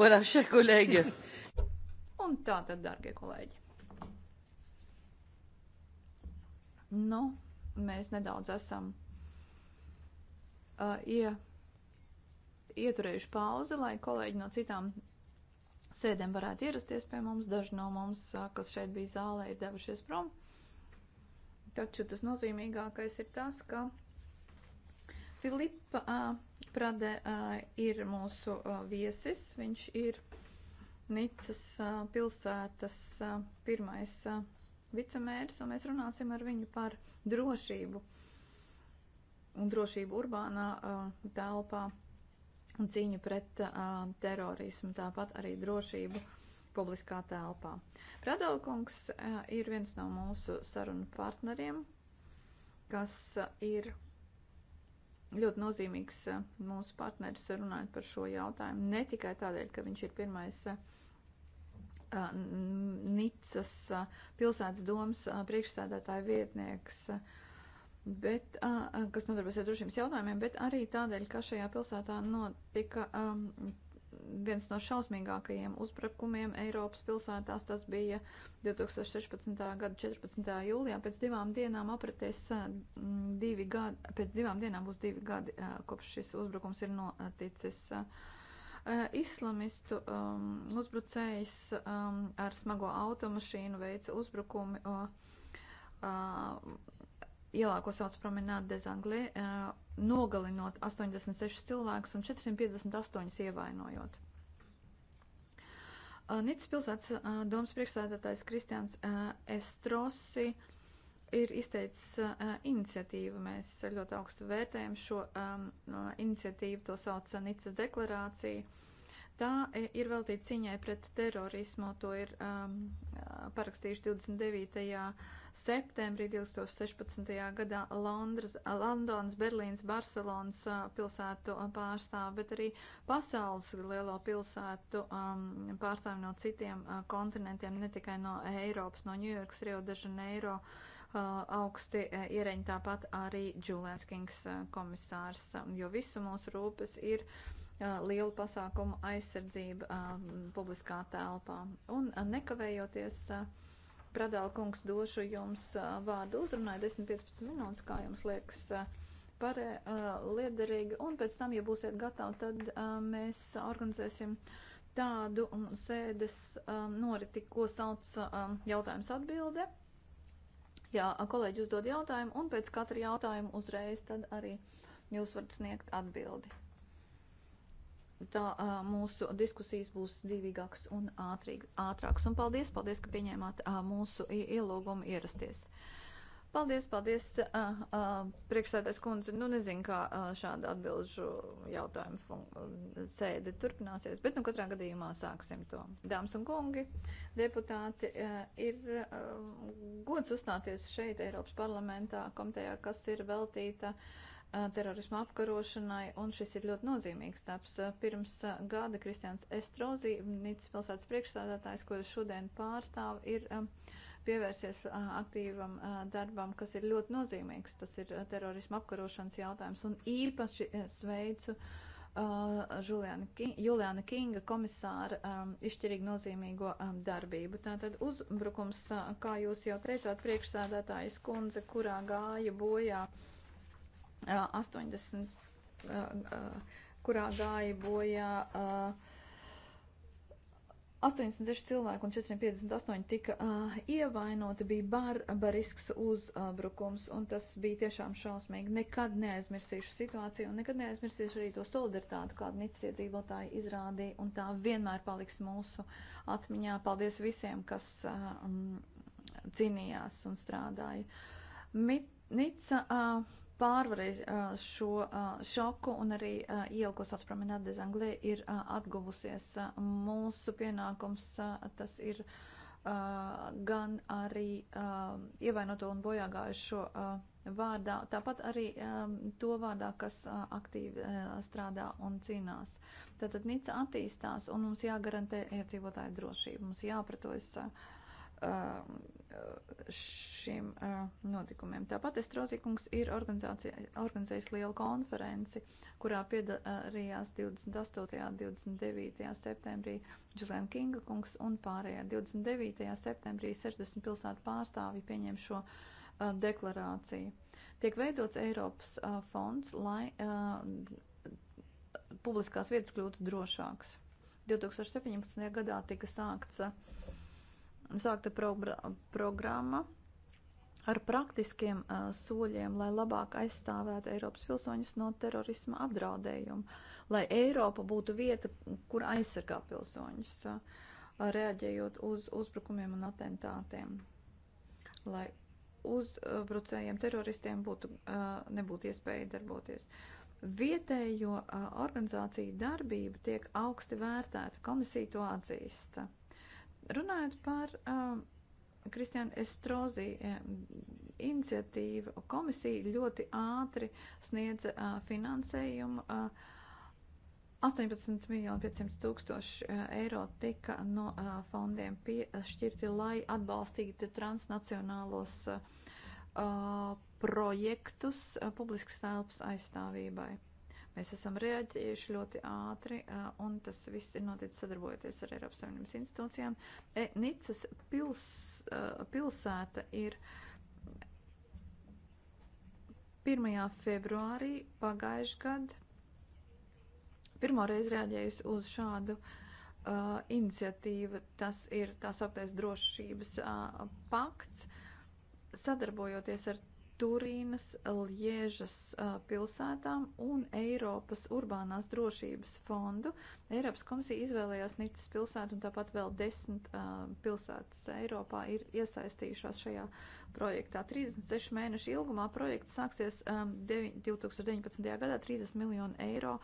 Voilà, chers collègues. Un tā tad, darbie kolēģi. Nu, mēs nedaudz esam uh, ie, ieturējuši pauzi, lai kolēģi no citām sēdēm varētu ierasties pie mums. Daži no mums, uh, kas šeit bija zālē, ir devušies prom. Taču tas nozīmīgākais ir tas, ka Filipa. Uh, Pradē uh, ir mūsu uh, viesis. Viņš ir Nicas uh, pilsētas uh, pirmais uh, vicemērs, un mēs runāsim ar viņu par drošību un drošību urbānā uh, telpā un cīņu pret uh, terorismu, tāpat arī drošību publiskā telpā. Pradalkungs uh, ir viens no mūsu sarunu partneriem, kas uh, ir ļoti nozīmīgs eh, mūsu partneris eh, runājot par šo jautājumu. Ne tikai tādēļ, ka viņš ir pirmais eh, Nicas pilsētas domas priekšsēdētāja vietnieks, bet, kas nodarbojas ar drošības jautājumiem, bet arī tādēļ, ka šajā pilsētā notika viens no šausmīgākajiem uzbrukumiem Eiropas pilsētās. Tas bija 2016. gada 14. jūlijā. Pēc divām dienām apritēs eh, divi gadi, pēc divām dienām būs divi gadi, eh, kopš šis uzbrukums ir noticis. Eh, islamistu um, uzbrucējs um, ar smago automašīnu veica uzbrukumi. Uh, uh, ielā, ko sauc promenāde des Anglais, eh, nogalinot 86 cilvēkus un 458 ievainojot. Eh, Nīcas pilsētas eh, domas priekšsēdētājs Kristians Estrosi ir izteicis iniciatīvu. Mēs ļoti augstu vērtējam šo iniciatīvu, to sauc Nīcas deklarācija Tā e, ir veltīta ciņai pret terorismu. To ir um, parakstījuši 29. septembrī 2016. gadā Londras, Londons, Berlīns, Barcelonas pilsētu pārstāvi, bet arī pasaules lielo pilsētu um, pārstāvi no citiem uh, kontinentiem, ne tikai no Eiropas, no Ņujorkas, Rio de Janeiro. Uh, augsti uh, iereņi tāpat arī Džulēns Kings uh, komisārs, jo visu mūsu rūpes ir uh, lielu pasākumu aizsardzība publiskā telpā. Un nekavējoties, Pradāla kungs, došu jums vārdu uzrunai 10-15 minūtes, kā jums liekas parē, liederīgi, un pēc tam, ja būsiet gatavi, tad mēs organizēsim tādu sēdes noriti, ko sauc jautājums atbilde. Jā, kolēģi uzdod jautājumu, un pēc katra jautājuma uzreiz tad arī jūs varat sniegt atbildi tā uh, mūsu diskusijas būs dzīvīgākas un ātrīg, ātrākas. Un paldies, paldies, ka pieņēmāt uh, mūsu ielūgumu ierasties. Paldies, paldies, uh, uh, priekšsēdēs kundze. Nu, nezinu, kā uh, šāda atbilžu jautājumu sēde turpināsies, bet nu katrā gadījumā sāksim to. Dāmas un kungi, deputāti, uh, ir uh, gods uzstāties šeit Eiropas parlamentā komitejā, kas ir veltīta. Uh, Uh, terorismu apkarošanai, un šis ir ļoti nozīmīgs taps. Uh, pirms uh, gada Kristians Estrozi, Nīcas pilsētas priekšstādātājs, kuras šodien pārstāv, ir um, pievērsies aktīvam darbam, kas ir ļoti nozīmīgs. Tas ir terorismu apkarošanas jautājums, un īpaši sveicu Juliana Kinga komisāra um, izšķirīgi nozīmīgo um, darbību. Tātad uzbrukums, kā jūs jau teicāt, priekšstādātājas kundze, kurā gāja bojā 80, kurā gāja bojā 86 cilvēki un 458 tika uh, ievainoti, bija bar, barisks uzbrukums, un tas bija tiešām šausmīgi. Nekad neaizmirsīšu situāciju, un nekad neaizmirsīšu arī to solidaritāti, kādu nicas iedzīvotāji izrādīja, un tā vienmēr paliks mūsu atmiņā. Paldies visiem, kas uh, cīnījās un strādāja. Mit, nica uh, pārvarēja šo šoku un arī ielko sacpramenāt dezanglē ir atguvusies mūsu pienākums. Tas ir gan arī ievainoto un bojāgājušo vārdā, tāpat arī to vārdā, kas aktīvi strādā un cīnās. Tātad Nica attīstās un mums jāgarantē iedzīvotāju drošību, mums jāpratojas. Ja šiem notikumiem. Tāpat Estrozīkungs ir organizējis lielu konferenci, kurā piedalījās 28. un 29. septembrī Džulian Kinga kungs un pārējā 29. septembrī 60 pilsētu pārstāvi pieņem šo deklarāciju. Tiek veidots Eiropas fonds, lai publiskās vietas kļūtu drošākas. 2017. gadā tika sākts uh, sākta programma ar praktiskiem uh, soļiem, lai labāk aizstāvētu Eiropas pilsoņus no terorisma apdraudējuma, lai Eiropa būtu vieta, kur aizsargā pilsoņus, uh, reaģējot uz uzbrukumiem un atentātiem, lai uzbrucējiem teroristiem būtu, uh, nebūtu iespēja darboties. Vietējo uh, organizāciju darbība tiek augsti vērtēta, komisija to atzīsta. Uh, Runājot par um, Kristiāna Estrozi um, iniciatīvu, komisija ļoti ātri sniedza uh, finansējumu. Uh, 18 miljoni 500 tūkstoši uh, eiro tika no uh, fondiem piešķirti, lai atbalstītu transnacionālos uh, projektus uh, publiskas telpas aizstāvībai. Mēs esam reaģējuši ļoti ātri, un tas viss ir noticis sadarbojoties ar Eiropas Savienības institūcijām. E, Nicas pils, pilsēta ir 1. februārī pagājuši gadu pirmoreiz reaģējusi uz šādu uh, iniciatīvu. Tas ir tā sauktais drošības uh, pakts. Sadarbojoties ar Turīnas, Liežas pilsētām un Eiropas urbānās drošības fondu. Eiropas komisija izvēlējās Nicas pilsētu un tāpat vēl desmit uh, pilsētas Eiropā ir iesaistījušās šajā projektā. 36 mēnešu ilgumā projekts sāksies um, 2019. gadā 30 miljonu eiro.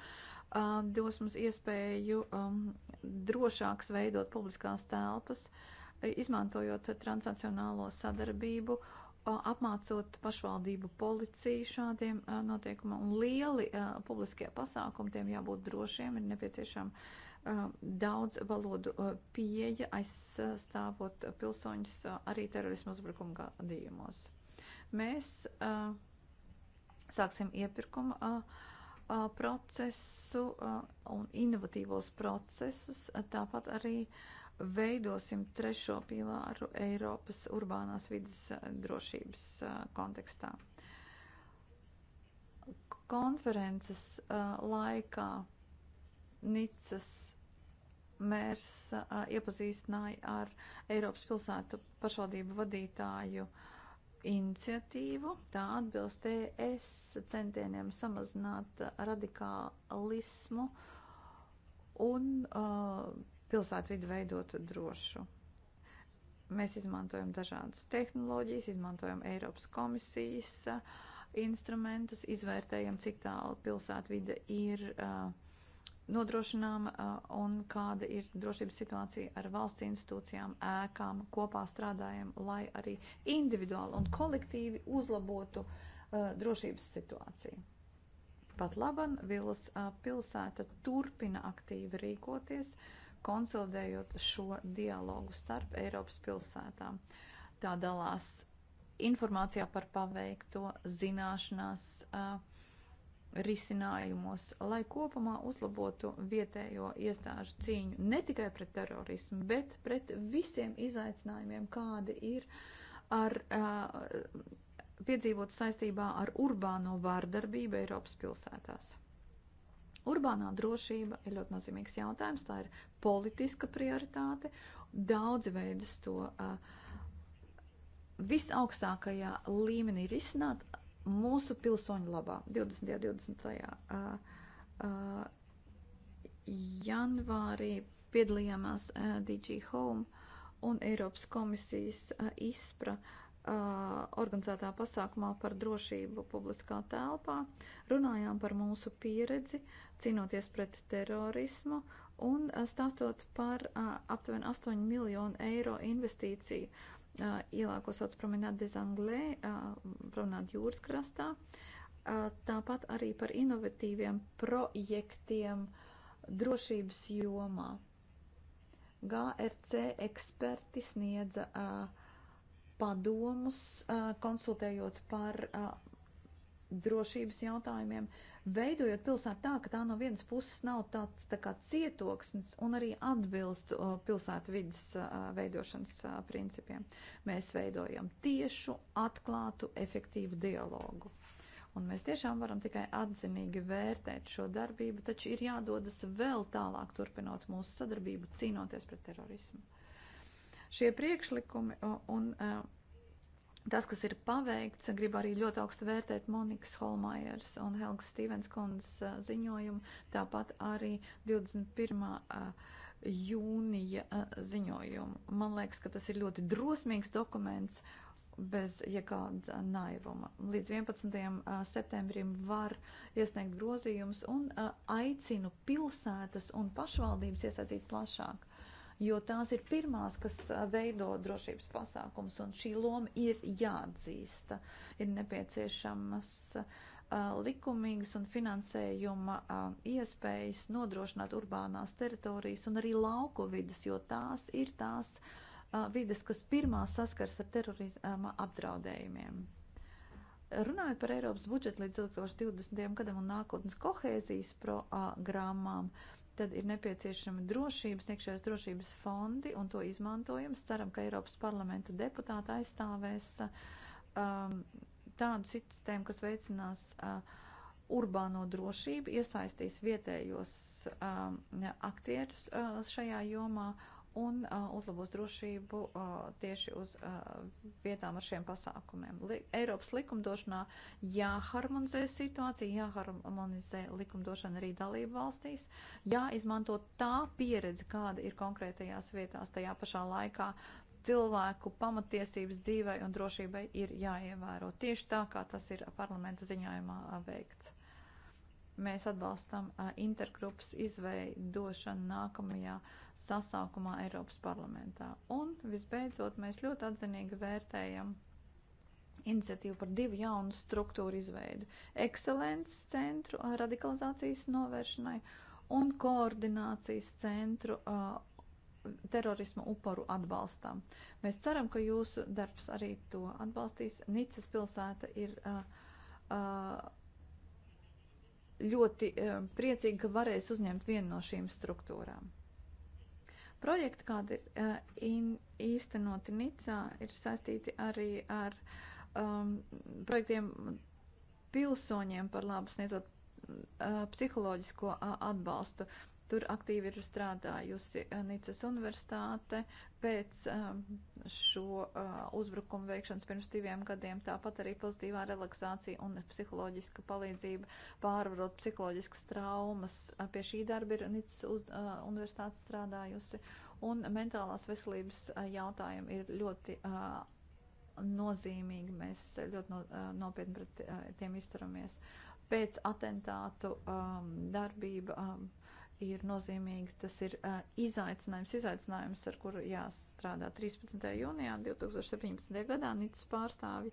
Uh, dos mums iespēju um, drošāks veidot publiskās telpas, izmantojot transnacionālo sadarbību uh, apmācot pašvaldību policiju šādiem noteikumiem. Un lieli publiskie pasākumi tiem jābūt drošiem, ir nepieciešama daudz valodu pieeja, aizstāvot pilsoņus arī terorismu uzbrukumu gadījumos. Mēs sāksim iepirkumu procesu un inovatīvos procesus, tāpat arī uh, veidosim trešo pīlāru Eiropas urbānās vidas eh, drošības eh, kontekstā. Konferences eh, laikā Nicas mērs iepazīstināja ar Eiropas pilsētu pašvaldību vadītāju iniciatīvu. Tā atbilst ES centieniem samazināt radikālismu un uh, pilsētvidu veidot drošu. Mēs izmantojam dažādas tehnoloģijas, izmantojam Eiropas komisijas uh, instrumentus, izvērtējam, cik tālu pilsētvide ir uh, nodrošinām uh, un kāda ir drošības situācija ar valsts institūcijām, ēkām, kopā strādājam, lai arī individuāli un kolektīvi uzlabotu uh, drošības situāciju. Pat laban Vilas uh, pilsēta turpina aktīvi rīkoties. Uh, konsolidējot šo dialogu starp Eiropas pilsētām. Tā dalās informācijā par paveikto, zināšanās, risinājumos, lai kopumā uzlabotu vietējo iestāžu cīņu ne tikai pret terorismu, bet pret visiem izaicinājumiem, kādi ir ar piedzīvot saistībā ar urbāno vārdarbību Eiropas pilsētās. Urbānā drošība ir ļoti nozīmīgs jautājums, tā ir politiska prioritāte. Daudzi veidus to uh, visaugstākajā līmenī risināt mūsu pilsoņu labā 20. un 20. Uh, uh, janvārī piedalījāmās uh, DG Home un Eiropas komisijas uh, izpra uh, organizētā pasākumā par drošību publiskā telpā, runājām par mūsu pieredzi cīnoties pret terorismu un stāstot par aptuveni 8 miljonu eiro investīciju ielā, ko sauc promenāde des Anglais, promenāde jūras krastā. Tāpat arī par inovatīviem projektiem drošības jomā. GRC eksperti sniedza uh, padomus, konsultējot par drošības jautājumiem, veidojot pilsētu tā, ka tā no vienas puses nav tāds tā kā cietoksnis un arī atbilst pilsētu vidas veidošanas principiem. Mēs veidojam tiešu, atklātu, efektīvu dialogu. Un mēs tiešām varam tikai atzinīgi vērtēt šo darbību, taču ir jādodas vēl tālāk, turpinot mūsu sadarbību, cīnoties pret terorismu. Šie priekšlikumi un, un e, tas, kas ir paveikts, grib arī ļoti augstu vērtēt Monikas Holmajers un Helgas Stevens kundzes e, ziņojumu, tāpat arī 21 e, jūnija ziņojumu. Man liekas, ka tas ir ļoti drosmīgs dokuments bez jebkāda naivuma. Līdz 11. septembrim var iesniegt grozījumus un aicinu pilsētas un pašvaldības iesaistīt plašāk jo tās ir pirmās, kas veido drošības pasākums, un šī loma ir jāatzīsta. Ir nepieciešamas likumīgas un finansējuma iespējas nodrošināt urbānās teritorijas un arī lauku vidas, jo tās ir tās vidas, kas pirmā saskars ar terorisma apdraudējumiem. Runājot par Eiropas budžetu līdz 2020. gadam un nākotnes kohēzijas programmām, Tad ir nepieciešami drošības, iekšējās drošības fondi un to izmantojums. Ceram, ka Eiropas parlamenta deputāti aizstāvēs um, tādu sistēmu, kas veicinās uh, urbāno drošību, iesaistīs vietējos um, aktierus uh, šajā jomā un uh, uzlabos drošību uh, tieši uz uh, vietām ar šiem pasākumiem. Li Eiropas likumdošanā jāharmonizē situācija, jāharmonizē likumdošana arī dalību valstīs, jāizmanto tā pieredze, kāda ir konkrētajās vietās tajā pašā laikā. Cilvēku pamatiesības dzīvei un drošībai ir jāievēro tieši tā, kā tas ir parlamenta ziņojumā veikts mēs atbalstam intergrupas izveidošanu nākamajā uh, sasaukumā Eiropas parlamentā. Un, visbeidzot, mēs ļoti atzinīgi vērtējam iniciatīvu par divu jaunu struktūru izveidu - ekscelences centru uh, radikalizācijas novēršanai un koordinācijas centru uh, terorisma upuru atbalstam. Mēs ceram, ka jūsu darbs arī to atbalstīs. Nicas pilsēta ir uh, uh, ļoti uh, priecīga, ka varēs uzņemt vienu no šīm struktūrām. Projekti, kādi e, ir īstenoti Nicā, ir saistīti arī ar um, projektiem pilsoņiem par labu sniedzot uh, psiholoģisko uh, atbalstu. Tur aktīvi ir strādājusi eh, Nicas universitāte pēc ehm, šo eh, uzbrukumu veikšanas pirms diviem gadiem. Tāpat arī pozitīvā relaksācija un psiholoģiska palīdzība pārvarot psiholoģiskas traumas. Eh, pie šī darba ir Nicas universitāte strādājusi. Un mentālās veselības jautājumi ir ļoti nozīmīgi. Mēs ļoti no, nopietni pret tiem izturamies. Pēc atentātu um, darbība. Um, ir nozīmīgi. Tas ir uh, izaicinājums, izaicinājums, ar kuru jāstrādā 13. jūnijā 2017. gadā. Nīcas pārstāvi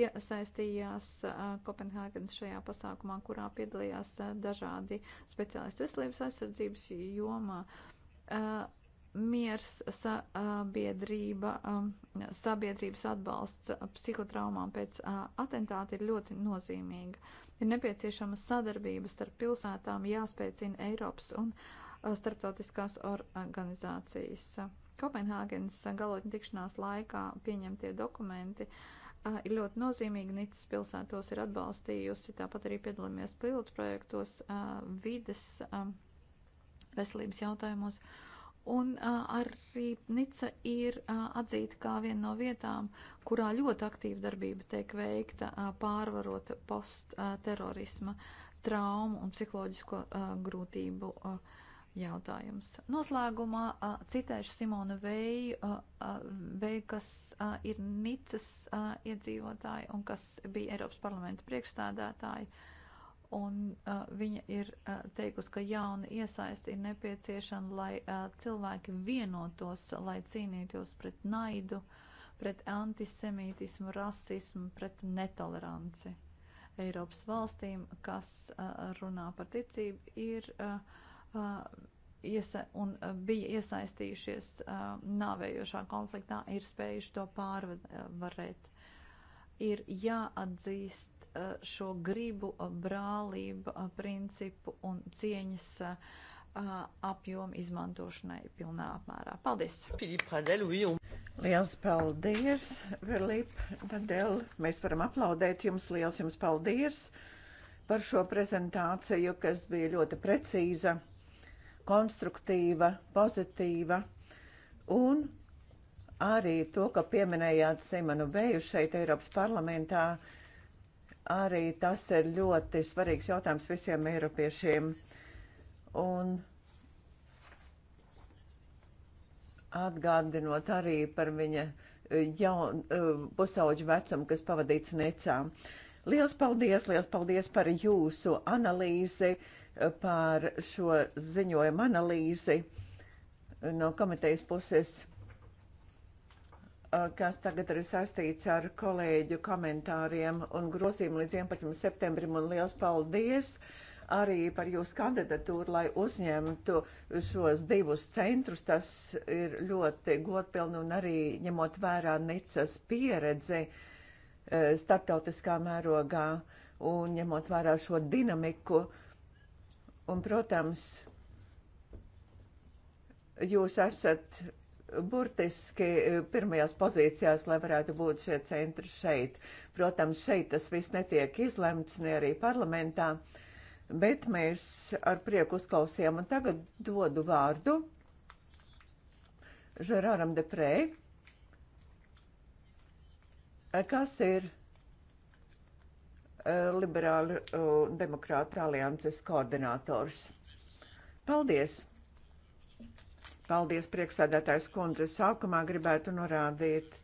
iesaistījās uh, Kopenhāgenes šajā pasākumā, kurā piedalījās uh, dažādi speciālisti veselības aizsardzības jomā. Uh, miers, sabiedrība, sabiedrības atbalsts psihotraumām pēc atentāta ir ļoti nozīmīga. Ir nepieciešama sadarbība starp pilsētām, jāspēcina Eiropas un uh, starptautiskās organizācijas. Kopenhāgenes galotņu tikšanās laikā pieņemtie dokumenti uh, ir ļoti nozīmīgi. Nicas pilsētos ir atbalstījusi, tāpat arī piedalāmies pilotu projektos uh, vides um, veselības jautājumos. Uh, Un uh, arī Nica ir uh, atzīta kā viena no vietām, kurā ļoti aktīva darbība tiek veikta, uh, pārvarot postterorisma uh, traumu un psiholoģisko uh, grūtību uh, jautājums. Noslēgumā uh, citēšu Simonu Veju, uh, uh, Veju kas uh, ir Nicas uh, iedzīvotāji un kas bija Eiropas parlamenta priekšstādātāji. Uh, Un uh, viņa ir uh, teikusi, ka jauna iesaisti ir nepieciešama, lai uh, cilvēki vienotos, lai cīnītos pret naidu, pret antisemītismu, rasismu, pret netoleranci. Eiropas valstīm, kas uh, runā par ticību, ir. Uh, uh, iesa un bija iesaistījušies uh, nāvējošā konfliktā, ir spējuši to pārvarēt. Ir jāatzīst Eh, šo gribu, eh, brālību, eh, principu un cieņas apjomu izmantošanai pilnā apmērā. Paldies! Liels paldies, Verlīpa Nadel! Mēs varam aplaudēt jums, liels jums paldies par šo prezentāciju, kas bija ļoti precīza, konstruktīva, pozitīva un arī to, ka pieminējāt Simonu Beju šeit Eiropas parlamentā arī tas ir ļoti svarīgs jautājums visiem eiropiešiem. Un atgādinot arī par viņa eh, jaun, eh, pusauģu vecumu, kas pavadīts necā. Liels paldies, liels paldies par jūsu analīzi, eh, par šo ziņojumu analīzi no komitejas puses. Uh, kas tagad ir saistīts ar kolēģu komentāriem un grozīm līdz 11. septembrim, un liels paldies! arī par jūsu kandidatūru, lai uzņemtu šos divus centrus. Tas ir ļoti godpilni un arī ņemot vērā Nicas pieredzi uh, starptautiskā mērogā un ņemot vērā šo dinamiku. Un, protams, jūs esat burtiski eh, pirmajās pozīcijās, lai varētu būt šie centri šeit. Protams, šeit tas viss netiek izlemts, ne arī parlamentā, bet mēs ar prieku uzklausījām un tagad dodu vārdu Žeraram Deprē, eh, kas ir eh, liberāļu demokrāta alianses koordinators. Paldies! Paldies, priekšsēdētājs kundze. Sākumā gribētu norādīt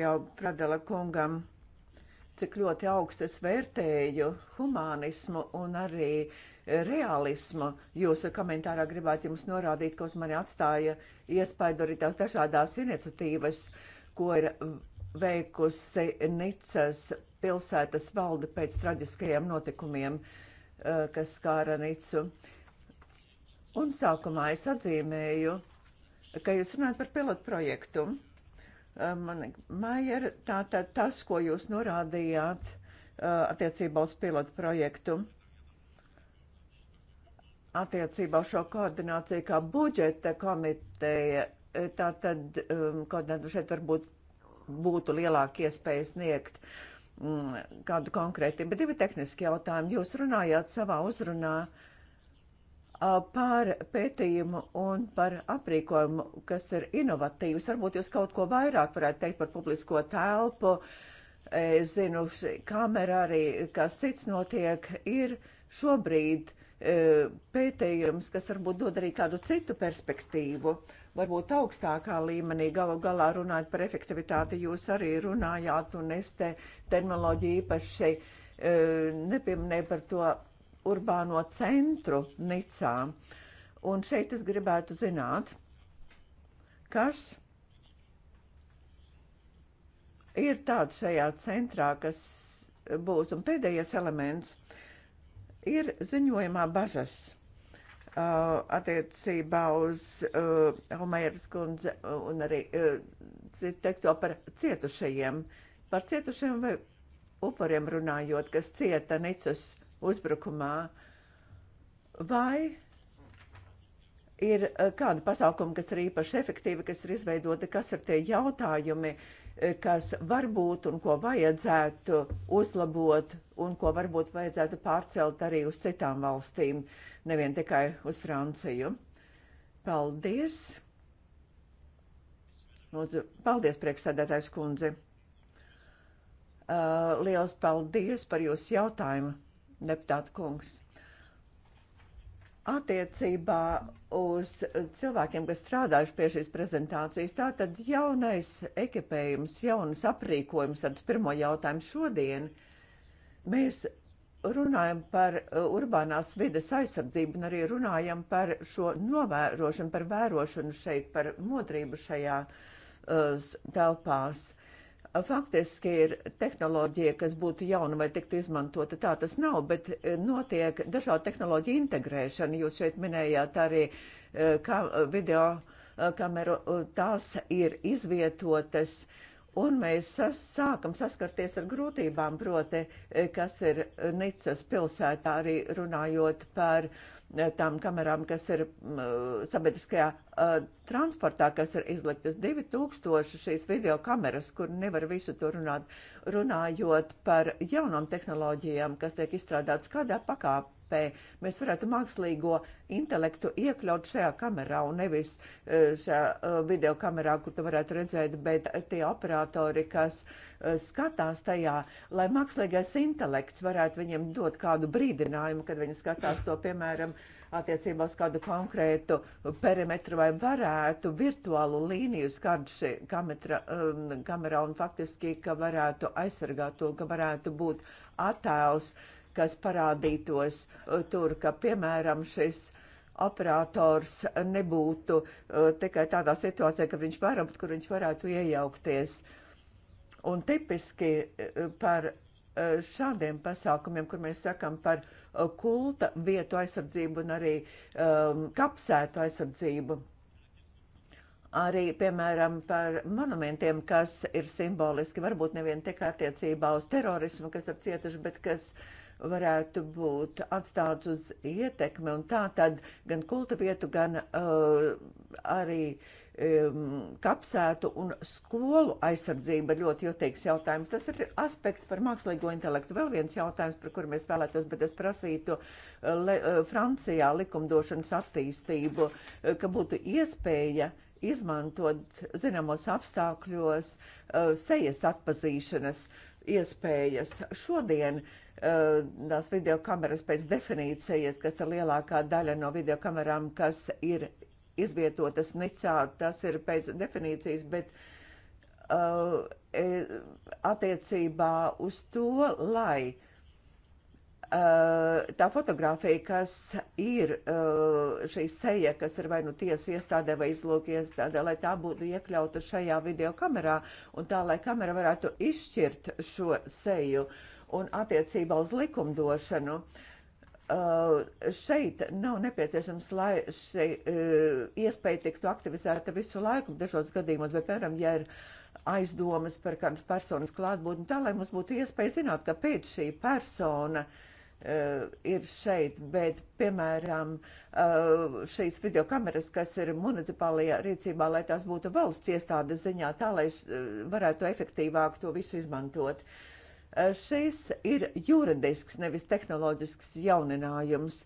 jau Pradela kungam, cik ļoti augstu es vērtēju humānismu un arī realismu. Jūsu komentārā gribētu jums norādīt, ka uz mani atstāja iespaidu arī tās dažādās iniciatīvas, ko ir veikusi Nicas pilsētas valde pēc traģiskajiem notikumiem, eh, kas skāra Nicu. Uh, Un sākumā es atzīmēju, ka jūs runājat par pilotu projektu. Man, Maier, tā, tā, tas, ko jūs norādījāt attiecībā uz pilotu projektu, attiecībā uz šo koordināciju kā budžeta komiteja, tā tad um, koordinātu šeit varbūt būtu lielāka iespēja sniegt um, kādu konkrēti, bet divi tehniski jautājumi. Jūs runājāt savā uzrunā uh, par pētījumu un par aprīkojumu, kas ir inovatīvs. Varbūt jūs kaut ko vairāk varētu teikt par publisko telpu. Es zinu, kamera arī, kas cits notiek, ir šobrīd pētījums, kas varbūt dod arī kādu citu perspektīvu. Varbūt augstākā līmenī galu galā runājot par efektivitāti, jūs arī runājāt, un es te terminoloģiju īpaši nepieminēju par to urbāno centru Nicā. Un šeit es gribētu zināt, kas ir tāds šajā centrā, kas būs. Un pēdējais elements ir ziņojumā bažas uh, attiecībā uz uh, Homēras kundze uh, un arī uh, teikto par cietušajiem, par cietušajiem vai upuriem runājot, kas cieta Nicas uzbrukumā. Vai ir eh, kāda pasākuma, kas ir īpaši efektīva, kas ir izveidota, kas ir tie jautājumi, eh, kas varbūt un ko vajadzētu uzlabot un ko varbūt vajadzētu pārcelt arī uz citām valstīm, nevien tikai uz Franciju. Paldies! Lūdzu, paldies, priekšsēdētājs kundze! Uh, liels paldies par jūsu jautājumu! deputāta kungs. Attiecībā uz cilvēkiem, kas strādājuši pie šīs prezentācijas, tā tad jaunais ekipējums, jaunas aprīkojums, tad pirmo jautājumu šodien mēs runājam par uh, urbānās vides aizsardzību un arī runājam par šo novērošanu, par vērošanu šeit, par modrību šajā uh, telpās. Faktiski ir tehnoloģija, kas būtu jauna vai tiktu izmantota. Tā tas nav, bet eh, notiek dažādu tehnoloģiju integrēšana. Jūs šeit minējāt arī eh, kā eh, video kameru. Tās ir izvietotas. Un mēs sas, sākam saskarties ar grūtībām, proti, kas ir Nicas pilsētā arī runājot par uh, Eh, tām kamerām, kas ir mm, eh, sabiedriskajā eh, transportā, kas ir izliktas 2000 šīs video kameras, kur nevar visu to runāt, runājot par jaunām tehnoloģijām, kas tiek izstrādātas kādā pakāpē mapē. Mēs varētu mākslīgo intelektu iekļaut šajā kamerā un nevis eh, šajā eh, video kamerā, kur tu varētu redzēt, bet tie operatori, kas eh, skatās tajā, lai mākslīgais intelekts varētu viņiem dot kādu brīdinājumu, kad viņi skatās to, piemēram, attiecībā uz kādu konkrētu perimetru vai varētu virtuālu līniju skarši kametra, um, kamerā un faktiski, ka varētu aizsargāt to, ka varētu būt attēls, uh, kas parādītos uh, tur, ka, piemēram, šis operators nebūtu uh, tikai tādā situācijā, ka viņš varam, kur viņš varētu iejaukties. Un tipiski uh, par šādiem pasākumiem, kur mēs sakam par kulta vietu aizsardzību un arī um, kapsētu aizsardzību. Arī, piemēram, par monumentiem, kas ir simboliski, varbūt nevien tikai attiecībā uz terorismu, kas ir cietuši, bet kas uh, varētu būt atstāts uz ietekmi, un tā tad gan kulta vietu, gan uh, arī um, kapsētu un skolu aizsardzība ļoti jūtīgs jautājums. Tas ir aspekts par mākslīgo intelektu. Vēl viens jautājums, par kuru mēs vēlētos, bet es prasītu uh, le, uh, Francijā likumdošanas attīstību, uh, ka būtu iespēja izmantot zināmos apstākļos sejas atpazīšanas iespējas. Šodien uh, Eh, tās videokameras pēc definīcijas, kas ir lielākā daļa no videokamerām, kas ir izvietotas Nicā, tas ir pēc definīcijas, bet uh, attiecībā uz to, lai uh, tā fotografija, kas ir uh, šī seja, kas ir vai nu tiesa iestādē vai izlūk iestādē, lai tā būtu iekļauta šajā videokamerā un tā, lai kamera varētu izšķirt šo seju. Uh, un attiecībā uz likumdošanu. Uh, šeit nav nepieciešams, lai šī uh, iespēja tiktu aktivizēta visu laiku, dažos gadījumos, bet, piemēram, ja ir aizdomas par kādas personas klātbūtni, tā lai mums būtu iespēja zināt, kāpēc šī persona uh, ir šeit, bet, piemēram, uh, šīs videokameras, kas ir municipālajā rīcībā, lai tās būtu valsts iestādes ziņā, tā lai uh, varētu efektīvāk to visu izmantot. Uh, Šis ir juridisks, nevis tehnoloģisks jauninājums.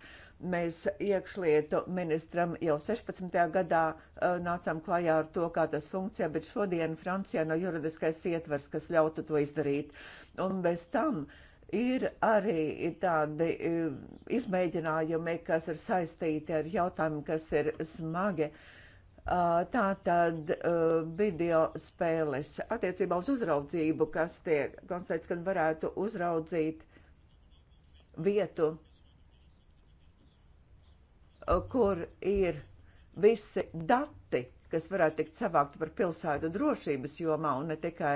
Mēs iekšlietu ministram jau 16. gadā uh, nācām klajā ar to, kā tas funkcijā, bet šodien Francijā nav no juridiskais ietvers, kas ļautu to izdarīt. Un bez tam ir arī tādi uh, izmēģinājumi, kas ir saistīti ar jautājumu, kas ir smagi. Uh, Eh, tā tad eh, video spēles attiecībā uz uzraudzību, kas tiek konstatēts, ka varētu uzraudzīt vietu, eh, kur ir visi dati, kas varētu tikt savākti par pilsētu drošības jomā un ne tikai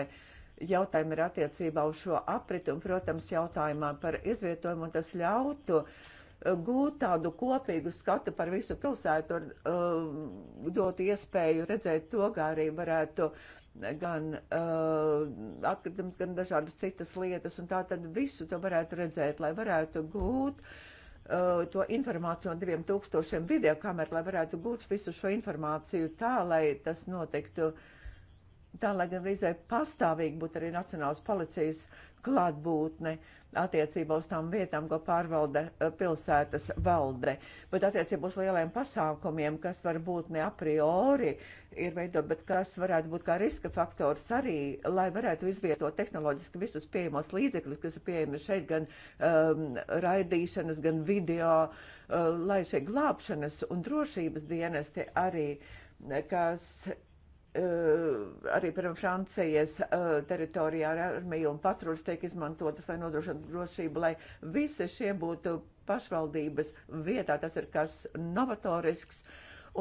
jautājumi ir attiecībā uz šo apritu un, protams, jautājumā par izvietojumu, un tas ļautu uh, gūt tādu kopīgu skatu par visu pilsētu, uh, dotu iespēju redzēt to, kā arī varētu gan uh, atkritumus, gan dažādas citas lietas, un tā tad visu to varētu redzēt, lai varētu gūt uh, to informāciju no diviem tūkstošiem video kameru, lai varētu gūt visu šo informāciju tā, lai tas notiktu tā, lai gan rīzē pastāvīgi būtu arī Nacionālas policijas klātbūtne. Uh, attiecībā uz tām vietām, ko pārvalda eh, pilsētas valde. Bet attiecībā uz lieliem pasākumiem, kas varbūt ne a priori ir veidot, bet kas varētu būt kā riska faktors arī, lai varētu izvietot tehnoloģiski visus pieejamos līdzekļus, kas ir pieejami šeit gan um, raidīšanas, gan video, uh, lai šie glābšanas un drošības dienesti arī kas Eh, arī, piemēram, Francijas eh, teritorijā ar armiju un patrulis tiek izmantotas, lai nodrošinātu drošību, lai visi šie būtu pašvaldības vietā. Tas ir kas novatorisks,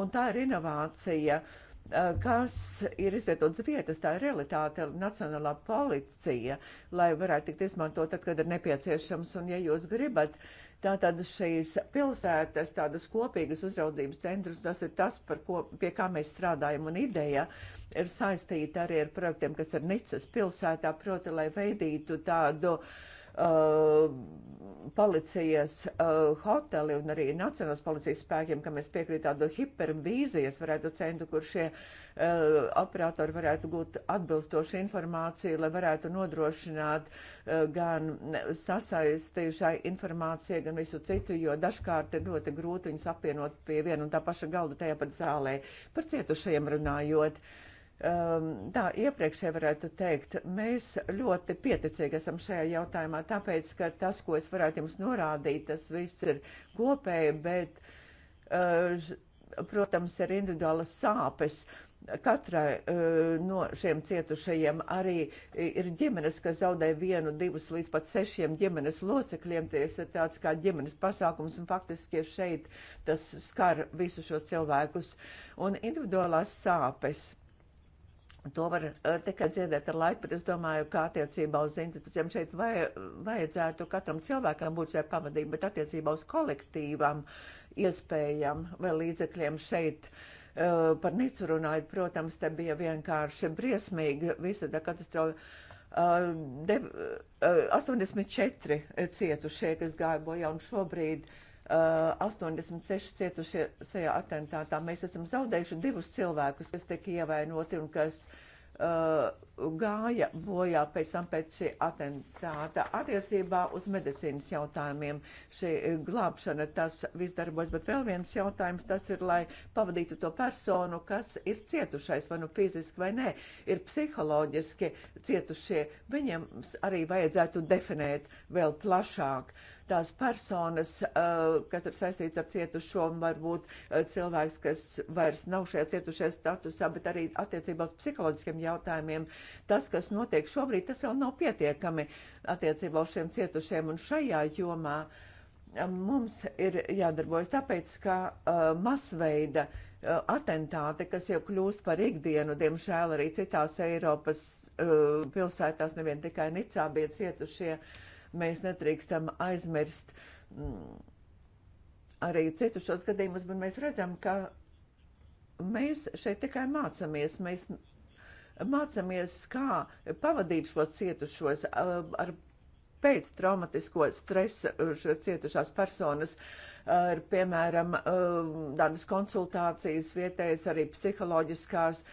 un tā ir inovācija, eh, kas ir izvietotas vietas, tā ir realitāte, nacionālā policija, lai varētu tikt izmantot tad, kad ir nepieciešams, un ja jūs gribat. Uh, Tātad šīs pilsētas, tādas kopīgas uzraudzības centrus, tas ir tas, ko, pie kā mēs strādājam, un ideja ir saistīta arī ar projektiem, kas ir Nicas pilsētā, proti, lai veidītu tādu uh, uh, policijas uh, hoteli un arī Nacionālās policijas spēkiem, ka mēs piekrīt tādu hipervīzijas varētu centru, kur šie uh, operatori varētu gūt atbilstošu informāciju, lai varētu nodrošināt uh, gan sasaisti šai informācijai, gan visu citu, jo dažkārt ir ļoti grūti viņus apvienot pie viena un tā paša galda tajā pat zālē. Par cietušajiem runājot. Uh, Um, tā iepriekšēji varētu teikt, mēs ļoti pieticīgi esam šajā jautājumā, tāpēc, ka tas, ko es varētu jums norādīt, tas viss ir kopēji, bet, uh, protams, ir individuālas sāpes. Katrai uh, no šiem cietušajiem arī ir ģimenes, kas zaudē vienu, divus līdz pat sešiem ģimenes locekļiem. Tas ir tāds kā ģimenes pasākums, un faktiski šeit tas skar visus šos cilvēkus. Un individuālās sāpes To var eh, tikai dziedēt ar laiku, bet es domāju, kā attiecībā uz institūcijiem šeit vaj vajadzētu katram cilvēkam būt šai pavadībai, bet attiecībā uz kolektīvam iespējām vai līdzekļiem šeit. Uh, par Nicu runājot, protams, te bija vienkārši briesmīga visa tā katastrofa. Uh, eh, de, uh, 84 cietušie, kas gāja bojā, un šobrīd uh, 86 uh, cietušie šajā atentātā. Mēs esam zaudējuši divus cilvēkus, kas tika ievainoti un kas uh, gāja bojā pēc tam pēc šī atentāta. Attiecībā uz medicīnas jautājumiem šī glābšana, tas viss darbojas, bet vēl viens jautājums, tas ir, lai pavadītu to personu, kas ir cietušais, vai nu fiziski vai nē, ir psiholoģiski cietušie. Viņiem arī vajadzētu definēt vēl plašāk. Uh, tās personas, kas ir saistīts ar cietušo, varbūt cilvēks, kas vairs nav šajā cietušajā statusā, bet arī attiecībā uz psiholoģiskiem jautājumiem. Tas, kas notiek šobrīd, tas jau nav pietiekami attiecībā uz šiem cietušiem un šajā jomā mums ir jādarbojas tāpēc, ka uh, masveida uh, atentāti, kas jau kļūst par ikdienu, diemžēl arī citās Eiropas uh, pilsētās, nevien tikai Nicā bija cietušie, uh, Mēs netrīkstam aizmirst mm, arī citu šos gadījumus, bet mēs redzam, ka mēs šeit tikai mācāmies. Mēs mācāmies, kā pavadīt šos cietušos ar pēc traumatisko stresa cietušās personas, ar, piemēram, tādas konsultācijas vietējas arī psiholoģiskās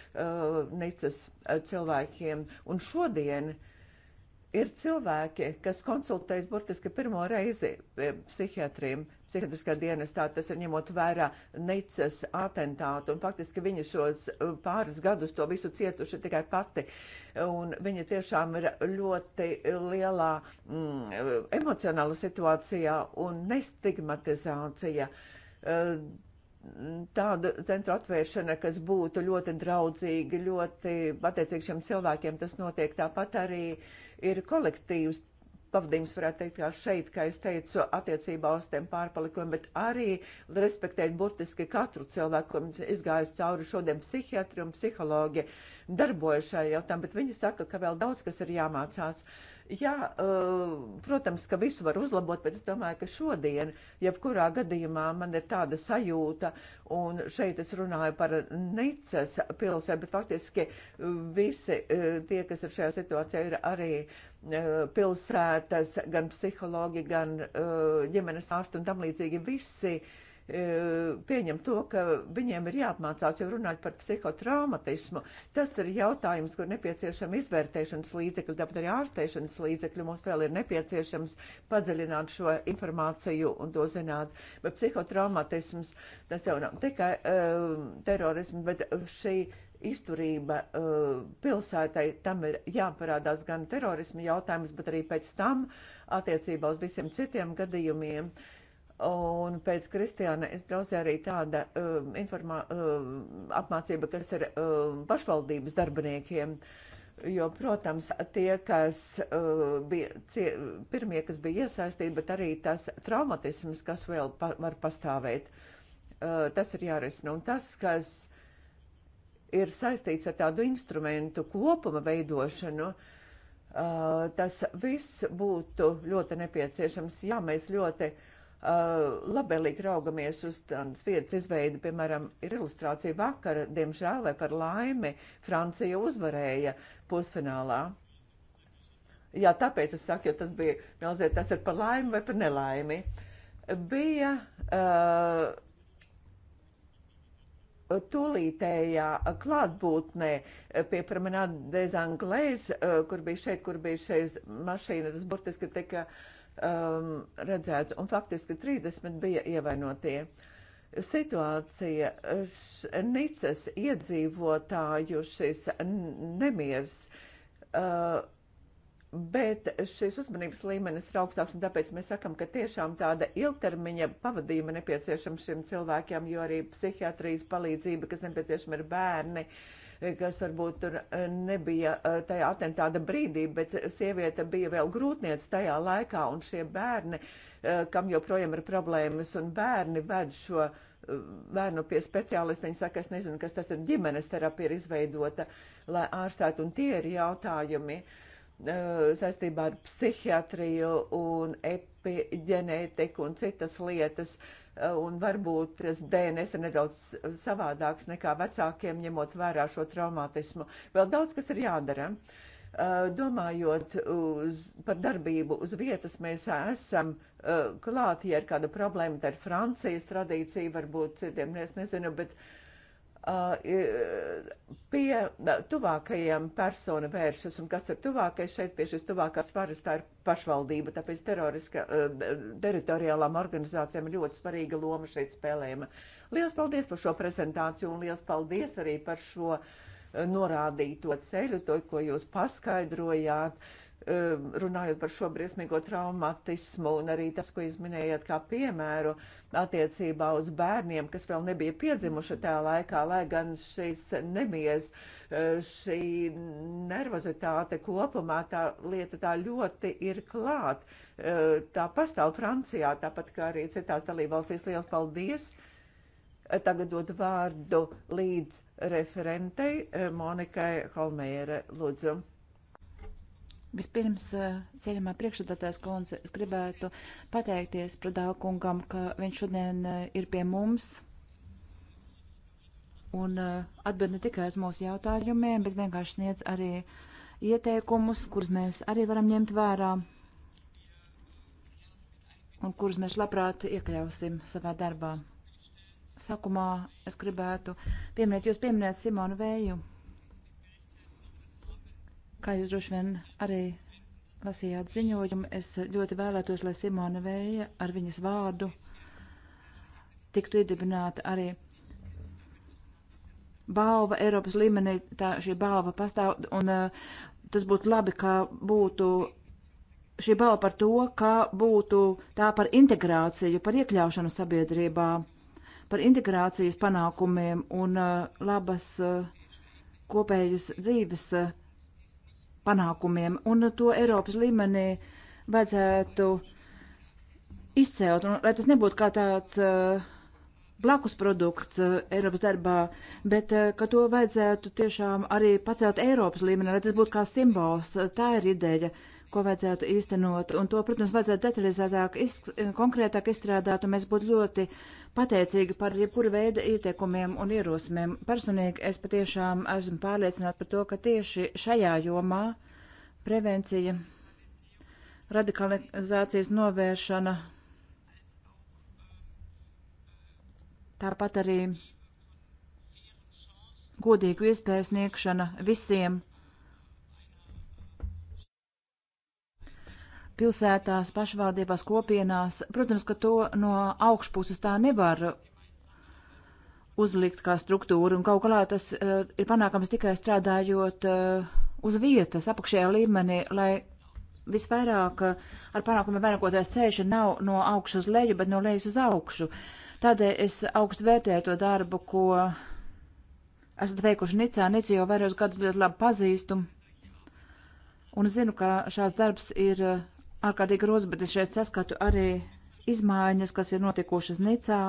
nicas cilvēkiem. Un šodien uh, Ir cilvēki, kas konsultējas burtiski pirmo reizi e, psihiatriem, psihiatriskā dienestā, tas ir ņemot vērā Nicas atentātu, un faktiski viņa šos e, pāris gadus to visu cietuši tikai pati, un viņa tiešām ir ļoti lielā mm, e, emocionāla situācijā un nestigmatizācija. Uh, tādu centru atvēršana, kas būtu ļoti draudzīga, ļoti pateicīga šiem cilvēkiem, tas notiek tāpat arī uh, ir kolektīvs pavadījums, varētu teikt, kā šeit, kā es teicu, attiecībā uz tiem pārpalikumiem, bet arī respektēt burtiski katru cilvēku, kam izgājis cauri šodien psihiatri un psihologi darbojas šajā jautājumā, bet viņi saka, ka vēl daudz kas ir jāmācās. Uh, Jā, eh, protams, ka visu var uzlabot, bet es domāju, ka šodien, jebkurā gadījumā, man ir tāda sajūta, un šeit es runāju par Nicas pilsē, bet faktiski eh, visi eh, tie, kas ir šajā situācijā, ir arī pilsētas, gan psihologi, gan ģimenes ārsti un tam līdzīgi visi E, pieņem to, ka viņiem ir jāapmācās jau runāt par psihotraumatismu. Tas ir jautājums, kur nepieciešama izvērtēšanas līdzekļi, tāpat arī ārstēšanas līdzekļi. Mums vēl ir nepieciešams padziļināt šo informāciju un to zināt. Bet psihotraumatisms, tas jau nav tikai uh, terorisms, bet šī. Izturība uh, pilsētai tam ir jāparādās gan terorismu jautājums, bet arī pēc tam attiecībā uz visiem citiem gadījumiem. Uh, Un pēc Kristiāna izdrauzē arī tāda um, informā, um, apmācība, kas ir um, pašvaldības darbiniekiem. Jo, protams, tie, kas uh, bija cie, pirmie, kas bija iesaistīti, bet arī tas traumatisms, kas vēl pa, var pastāvēt, uh, tas ir jārisina. Un tas, kas ir saistīts ar tādu instrumentu kopuma veidošanu, uh, tas viss būtu ļoti nepieciešams. Jā, mēs ļoti uh, Eh, labelīgi raugamies uz tādas vietas izveidi, piemēram, ir ilustrācija vakara, diemžēl vai par laimi, Francija uzvarēja pusfinālā. Jā, tāpēc es saku, jo tas bija, milzēt, tas ir par laimi vai par nelaimi. Bija uh, tūlītējā klātbūtnē eh, pie promenāda Dezanglēs, uh, kur bija šeit, kur bija šeit mašīna, tas burtiski tika uh, um, redzēts, un faktiski 30 bija ievainotie. Situācija Nicas iedzīvotāju šis nemiers. Uh, bet šis uzmanības līmenis ir augstāks, un tāpēc mēs sakam, ka tiešām tāda ilgtermiņa pavadījuma nepieciešama šiem cilvēkiem, jo arī psihiatrijas palīdzība, kas nepieciešama ir bērni, kas varbūt tur eh, nebija eh, tajā atentāta brīdī, bet sieviete bija vēl grūtniec tajā laikā, un šie bērni, eh, kam joprojām ir problēmas, un bērni ved šo bērnu pie speciālista. Viņa saka, es nezinu, kas tas ir. Ģimenes terapija ir izveidota, lai ārstētu, un tie ir jautājumi uh, saistībā ar psihiatriju un epigenētiku un citas lietas. Uh, Eh, un varbūt tas DNS ir nedaudz savādāks nekā vecākiem, ņemot vērā šo traumātismu. Vēl daudz kas ir jādara. Eh, domājot uz, par darbību uz vietas, mēs esam eh, klāt, ja ir kāda problēma, tā ir Francijas tradīcija, varbūt citiem, nu, es nezinu, bet uh, Uh, pie uh, tuvākajiem persona vēršas, un kas ir tuvākais šeit pie šīs tuvākās varas, tā ir pašvaldība, tāpēc teroriska uh, teritoriālām organizācijām ir ļoti svarīga loma šeit spēlējama. Liels paldies par šo prezentāciju, un liels paldies arī par šo norādīto ceļu, to, ko jūs paskaidrojāt. Uh, Um, runājot par šo briesmīgo traumatismu un arī tas, ko jūs minējāt kā piemēru attiecībā uz bērniem, kas vēl nebija piedzimuši tajā laikā, lai gan šis nemies, uh, šī nervozitāte kopumā tā lieta tā ļoti ir klāt. Uh, tā pastāv Francijā, tāpat kā arī citās dalībvalstīs. Liels paldies! Uh, tagad dod vārdu līdz referentei Monikai Holmējere Lūdzu. Vispirms, eh, ceļamā priekšsēdētājs kundze, es gribētu pateikties Pradākungam, ka viņš šodien eh, ir pie mums un eh, atbild ne tikai uz mūsu jautājumiem, bet vienkārši sniedz arī ieteikumus, kurus mēs arī varam ņemt vērā un kurus mēs labprāt iekļausim savā darbā. Sākumā es gribētu pieminēt, jūs pieminēt Simonu Vēju. Kā jūs droši vien arī lasījāt ziņojumu, es ļoti vēlētos, lai Simona Vēja ar viņas vārdu tiktu iedibināta arī balva Eiropas līmenī, tā šī balva pastāv, un uh, tas būtu labi, ka būtu šī balva par to, ka būtu tā par integrāciju, par iekļaušanu sabiedrībā, par integrācijas panākumiem un uh, labas uh, kopējas dzīves. Uh, panākumiem, un to Eiropas līmenī vajadzētu izcelt, un lai tas nebūtu kā tāds uh, blakus produkts uh, Eiropas darbā, bet uh, ka to vajadzētu tiešām arī pacelt Eiropas līmenī, lai tas būtu kā simbols. Tā ir ideja. Uh, ko vajadzētu īstenot, un to, protams, vajadzētu detalizētāk, iz, konkrētāk izstrādāt, un mēs būtu ļoti pateicīgi par jebkuru veidu ieteikumiem un ierosimiem. Personīgi es patiešām esmu pārliecināta par to, ka tieši šajā jomā prevencija, radikalizācijas novēršana, tāpat arī godīgu iespēju sniegšana visiem – pilsētās, pašvaldībās, kopienās. Protams, ka to no augšpuses tā nevar uzlikt kā struktūru, un kaut kādā tas uh, ir panākams tikai strādājot uh, uz vietas, apakšējā līmenī, lai visvairāk uh, ar panākumu vainagotais sēža nav no augšas uz leju, bet no lejas uz augšu. Tādēļ es augstu vērtēju to darbu, ko esat veikuši Nicā. Nici jau vairākus gadus ļoti labi pazīstu, un zinu, ka šāds darbs ir. Uh, ārkārtīgi grūts, bet es šeit saskatu arī izmaiņas, kas ir notikušas Nicā,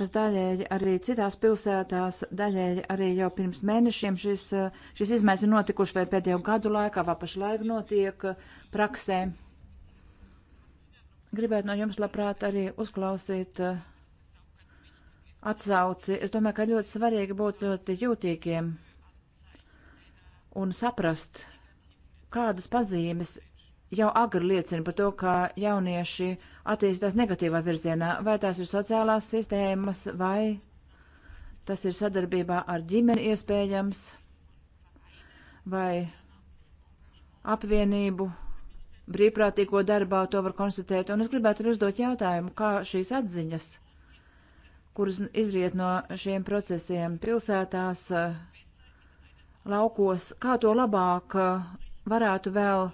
kas daļēji arī citās pilsētās, daļēji arī jau pirms mēnešiem šis, šis izmaiņas ir notikušas vai pēdējo gadu laikā, vai pašlaik notiek praksē. Gribētu no jums labprāt arī uzklausīt uh, atsauci. Es domāju, ka ļoti svarīgi būt ļoti jūtīgiem un saprast, kādas pazīmes jau agri liecina par to, ka jaunieši attīstās negatīvā virzienā, vai tās ir sociālās sistēmas, vai tas ir sadarbībā ar ģimeni iespējams, vai apvienību brīvprātīgo darbā to var konstatēt. Un es gribētu arī uzdot jautājumu, kā šīs atziņas, kuras izriet no šiem procesiem pilsētās, laukos, kā to labāk varētu vēl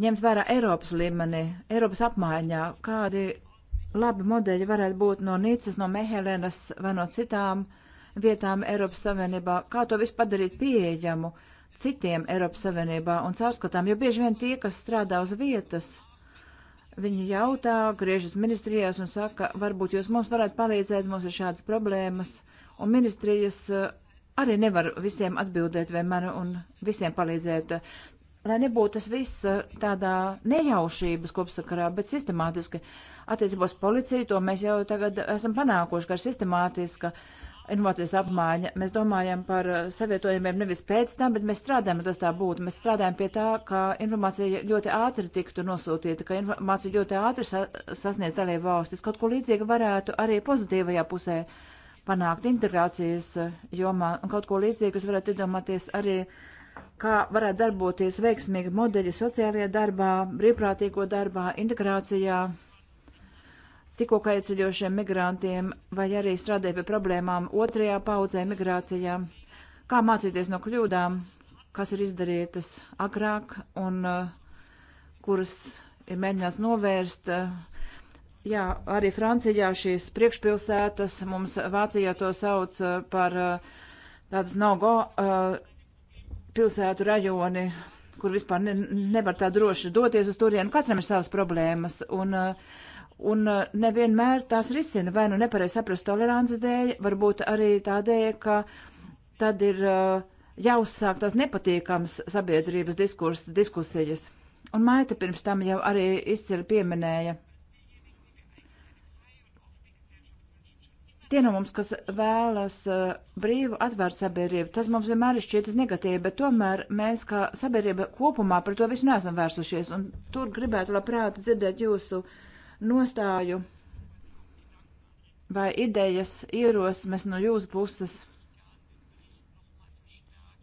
ņemt vērā Eiropas līmenī, Eiropas apmaiņā, kādi labi modeļi varētu būt no Nīcas, no Mehelenas vai no citām vietām Eiropas Savienībā, kā to visu padarīt pieejamu citiem Eiropas Savienībā un caurskatām, jo bieži vien tie, kas strādā uz vietas, viņi jautā, griežas ministrijās un saka, varbūt jūs mums varētu palīdzēt, mums ir šādas problēmas, un ministrijas eh, arī nevar visiem atbildēt vienmēr un visiem palīdzēt lai nebūtu tas viss eh, tādā nejaušības kopsakarā, bet sistemātiski attiecībos policiju, to mēs jau tagad esam panākuši, ka ir sistemātiska informācijas apmaiņa. Mēs domājam par eh, savietojumiem nevis pēc tam, bet mēs strādājam, tas tā būtu. Mēs strādājam pie tā, ka informācija ļoti ātri tiktu nosūtīta, ka informācija ļoti ātri sa sasniedz dalību valstis. Kaut ko līdzīgu varētu arī pozitīvajā pusē panākt integrācijas eh, jomā un kaut ko līdzīgu, kas varētu iedomāties arī uh, kā varētu darboties veiksmīgi modeļi sociālajā darbā, brīvprātīgo darbā, integrācijā, tikko ieceļošiem migrantiem vai arī strādāja pie problēmām otrajā paudzē migrācijā, kā mācīties no kļūdām, kas ir izdarītas agrāk un uh, kuras ir mēģināts novērst. Uh, jā, arī Francijā šīs priekšpilsētas, mums Vācijā to sauc uh, par uh, tādas no-go uh, pilsētu rajoni, kur vispār ne, nevar tā droši doties uz turienu. Katram ir savas problēmas, un, uh, un uh, nevienmēr tās risina, vai nu nepareiz saprast tolerances dēļ, varbūt arī tādēļ, ka tad ir uh, jāuzsāk tās nepatīkamas sabiedrības diskurs, diskusijas. Un Maita pirms tam jau arī izcili pieminēja Tie no mums, kas vēlas eh, brīvu atvērtu sabiedrību, tas mums vienmēr ir šķietas negatīvi, bet tomēr mēs kā sabiedrība kopumā par to visu neesam vērsušies. Un tur gribētu labprāt dzirdēt jūsu nostāju vai idejas ierosmes no jūsu puses.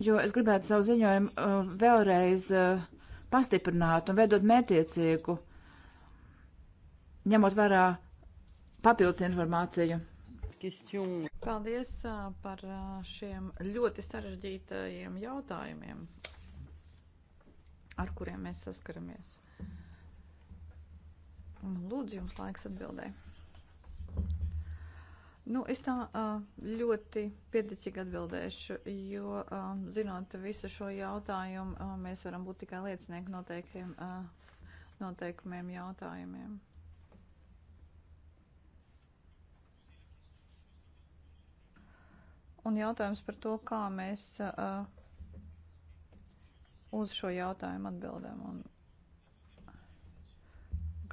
Jo es gribētu savu ziņojumu eh, vēlreiz eh, pastiprināt un veidot mērķiecīgu, ņemot vērā papildus informāciju question. Paldies par šiem ļoti sarežģītajiem jautājumiem, ar kuriem mēs saskaramies. Lūdzu, jums laiks atbildēt. Nu, es tā ļoti pieticīgi atbildēšu, jo, zinot visu šo jautājumu, mēs varam būt tikai liecinieki noteiktiem, noteikumiem jautājumiem. Un jautājums par to, kā mēs uh, uz šo jautājumu atbildam un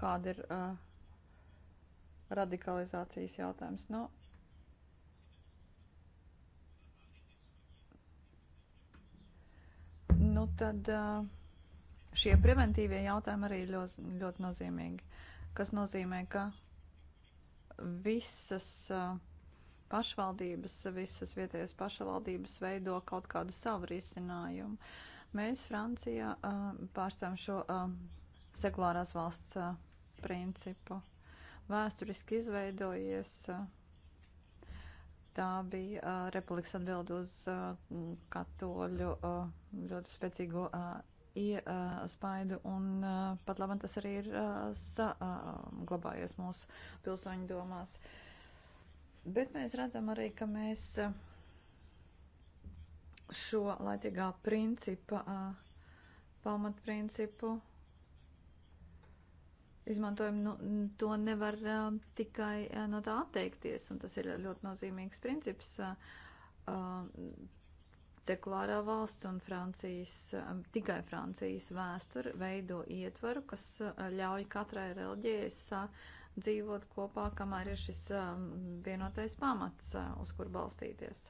kāda ir uh, radikalizācijas jautājums. Nu, nu tad uh, šie preventīvie jautājumi arī ļoti, ļoti nozīmīgi, kas nozīmē, ka visas uh, pašvaldības, visas vietējās pašvaldības veido kaut kādu savu risinājumu. Mēs Francijā pārstāvam šo sekulārās valsts principu. Vēsturiski izveidojies tā bija uh, republikas atbild uz uh, katoļu uh, ļoti spēcīgo uh, iespaidu, un uh, pat labam tas arī ir uh, saglabājies uh, mūsu pilsoņu domās. Uh, Bet mēs redzam arī, ka mēs eh, šo laicīgā principa, eh, pamatprincipu izmantojam, nu, to nevar eh, tikai no tā atteikties, un tas ir ļoti nozīmīgs princips. Deklārā valsts un Francijas, tikai Francijas vēsture veido ietvaru, kas ļauj katrai reliģijai dzīvot kopā, kamēr ir šis um, vienotais pamats, uh, uz kur balstīties.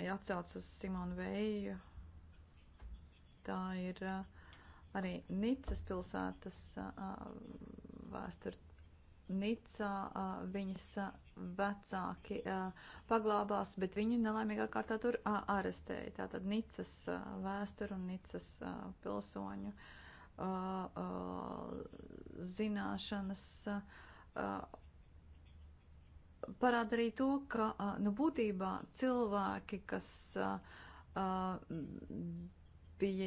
Ja atcauc uz Simonu Veju, tā ir uh, arī Nicas pilsētas uh, vēsture. Nicā viņas vecāki paglābās, bet viņu nelaimīgā kārtā tur arestēja. Tātad Nicas vēsturu un Nicas pilsoņu uh, zināšanas parāda arī to, ka nu, būtībā cilvēki, kas bija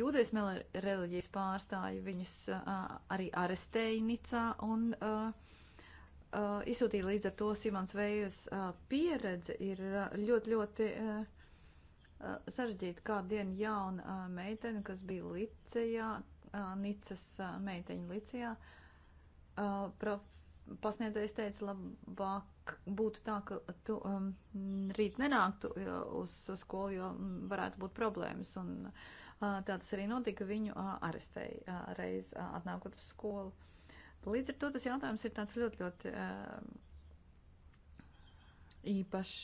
jūdaismu reliģijas pārstāji, viņus arī arestēja Nicā un izsūtīja līdz ar to Simons Vējas pieredze ir ļoti, ļoti sarežģīta. Kādu dienu jauna meitene, kas bija licejā, uh, Nicas uh, meiteņu licijā. Uh, prof, pasniedzējs teica, labāk būtu tā, ka tu um, rīt nenāktu uz, uz skolu, jo varētu būt problēmas. Un uh, tā tas arī notika, viņu uh, arestēja uh, reiz uh, atnākot uz skolu. Līdz ar to tas jautājums ir tāds ļoti, ļoti uh, īpašs.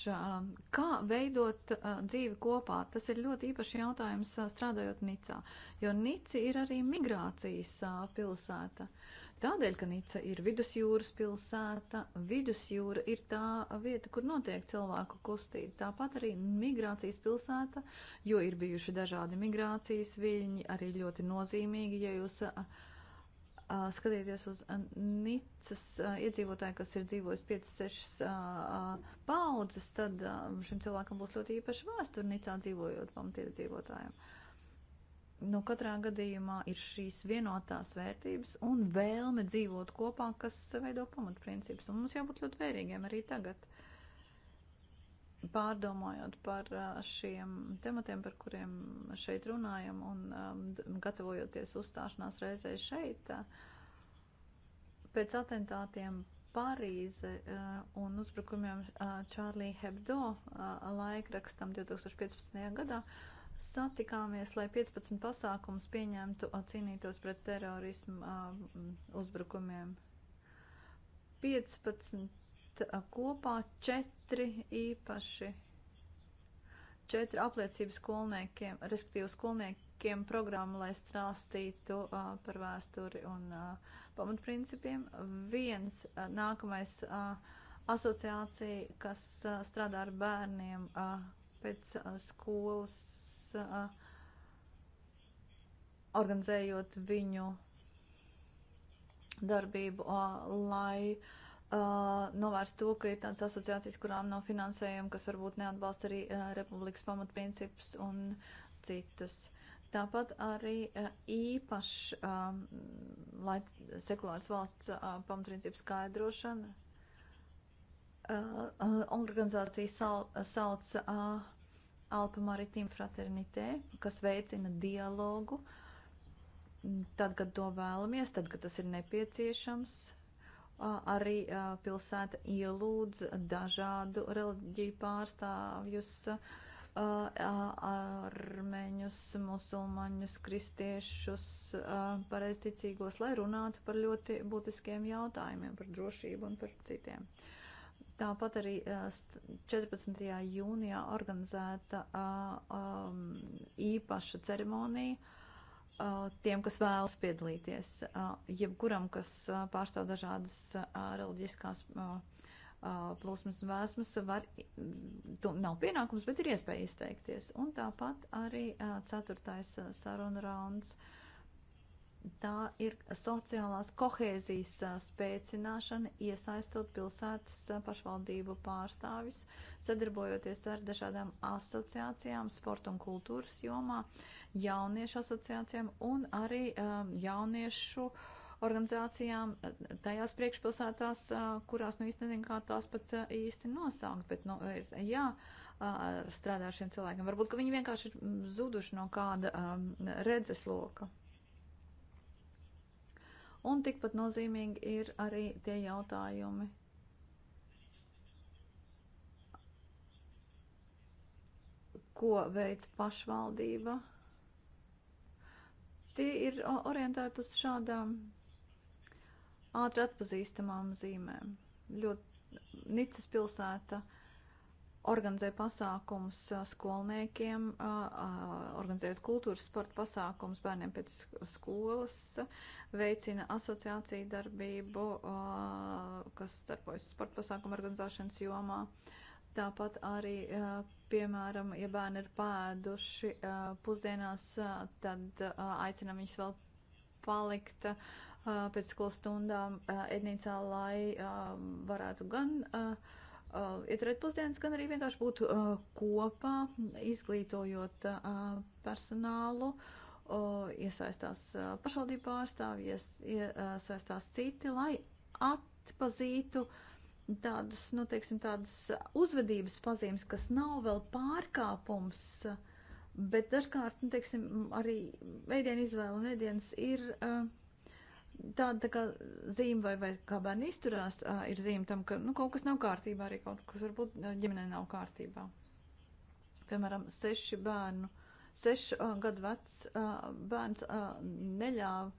Kā veidot dzīvi kopā? Tas ir ļoti īpašs jautājums strādājot Nicā, jo Nica ir arī migrācijas pilsēta. Tādēļ, ka Nica ir vidusjūras pilsēta, vidusjūra ir tā vieta, kur notiek cilvēku kustība. Tāpat arī migrācijas pilsēta, jo ir bijuši dažādi migrācijas viļņi, arī ļoti nozīmīgi, ja jūs uh, skatieties uz Nicas iedzīvotāju, kas ir dzīvojis 5-6 paudzes, tad šim cilvēkam būs ļoti īpaša vēsture Nicā dzīvojot pamatiedzīvotājiem. Nu, katrā gadījumā ir šīs vienotās vērtības un vēlme dzīvot kopā, kas veido pamatprincipus. Un mums jābūt ļoti vērīgiem arī tagad pārdomājot par šiem tematiem, par kuriem šeit runājam un um, gatavojoties uzstāšanās reizē šeit, pēc atentātiem Parīze uh, un uzbrukumiem Čārlī uh, Hebdo uh, laikrakstam 2015. gadā satikāmies, lai 15 pasākums pieņemtu cīnītos pret terorismu uzbrukumiem. 15 kopā četri īpaši, četri apliecības skolniekiem, respektīvi skolniekiem programmu, lai strāstītu uh, par vēsturi un uh, pamatprincipiem. Viens uh, nākamais uh, asociācija, kas uh, strādā ar bērniem uh, pēc uh, skolas, uh, organizējot viņu darbību, uh, lai uh, Uh, novērst to, ka ir tādas asociācijas, kurām nav finansējuma, kas varbūt neatbalsta arī uh, republikas pamatprincipus un citus. Tāpat arī uh, īpaši, um, lai sekulārs valsts uh, pamatprincipu skaidrošana, uh, uh organizācija sal, uh, sauc uh, Alpa Maritim Fraternitē, kas veicina dialogu, tad, kad to vēlamies, tad, kad tas ir nepieciešams arī pilsēta ielūdz dažādu reliģiju pārstāvjus, armeņus, musulmaņus, kristiešus, pareizticīgos, lai runātu par ļoti būtiskiem jautājumiem, par drošību un par citiem. Tāpat arī 14. jūnijā organizēta īpaša ceremonija Uh, tiem, kas vēlas piedalīties, uh, jebkuram, kas uh, pārstāv dažādas reliģiskās plūsmas un vēsmas, var, to nav pienākums, bet ir iespēja izteikties. Un tāpat arī ceturtais saruna rauns. Tā ir sociālās kohēzijas spēcināšana, iesaistot pilsētas pašvaldību pārstāvis, sadarbojoties ar dažādām asociācijām sporta un kultūras jomā. Uh, jauniešu asociācijām un arī um, jauniešu organizācijām uh, tajās priekšpilsētās, uh, kurās nu īsti nezinu, kā tās pat uh, īsti nosaukt, bet, nu, ir, jā, strādā ar šiem cilvēkiem. Varbūt, ka viņi vienkārši ir mm, zuduši no kāda um, redzesloka. Un tikpat nozīmīgi ir arī tie jautājumi. Ko veids pašvaldība? tie ir orientēti uz šādām ātri atpazīstamām zīmēm. Ļoti Nicas pilsēta organizē pasākumus skolniekiem, organizējot kultūras sporta pasākumus bērniem pēc skolas, veicina asociāciju darbību, kas starpojas sporta pasākumu organizēšanas jomā. Tāpat arī Piemēram, ja bērni ir pēduši pusdienās, tad aicinam viņus vēl palikt pēc skolas stundām ēdnīcā, lai varētu gan ieturēt pusdienas, gan arī vienkārši būt kopā, izglītojot personālu iesaistās pašvaldību pārstāvji, iesaistās citi, lai atpazītu uh, tādas, nu, teiksim, tādas uzvedības pazīmes, kas nav vēl pārkāpums, bet dažkārt, nu, teiksim, arī ēdienu izvēle un ēdienas ir tāda tā kā zīme vai, vai kā bērni izturās, ir zīme tam, ka, nu, kaut kas nav kārtībā, arī kaut kas varbūt ģimenē nav kārtībā. Piemēram, seši bērnu, sešu gadu vecs bērns neļāva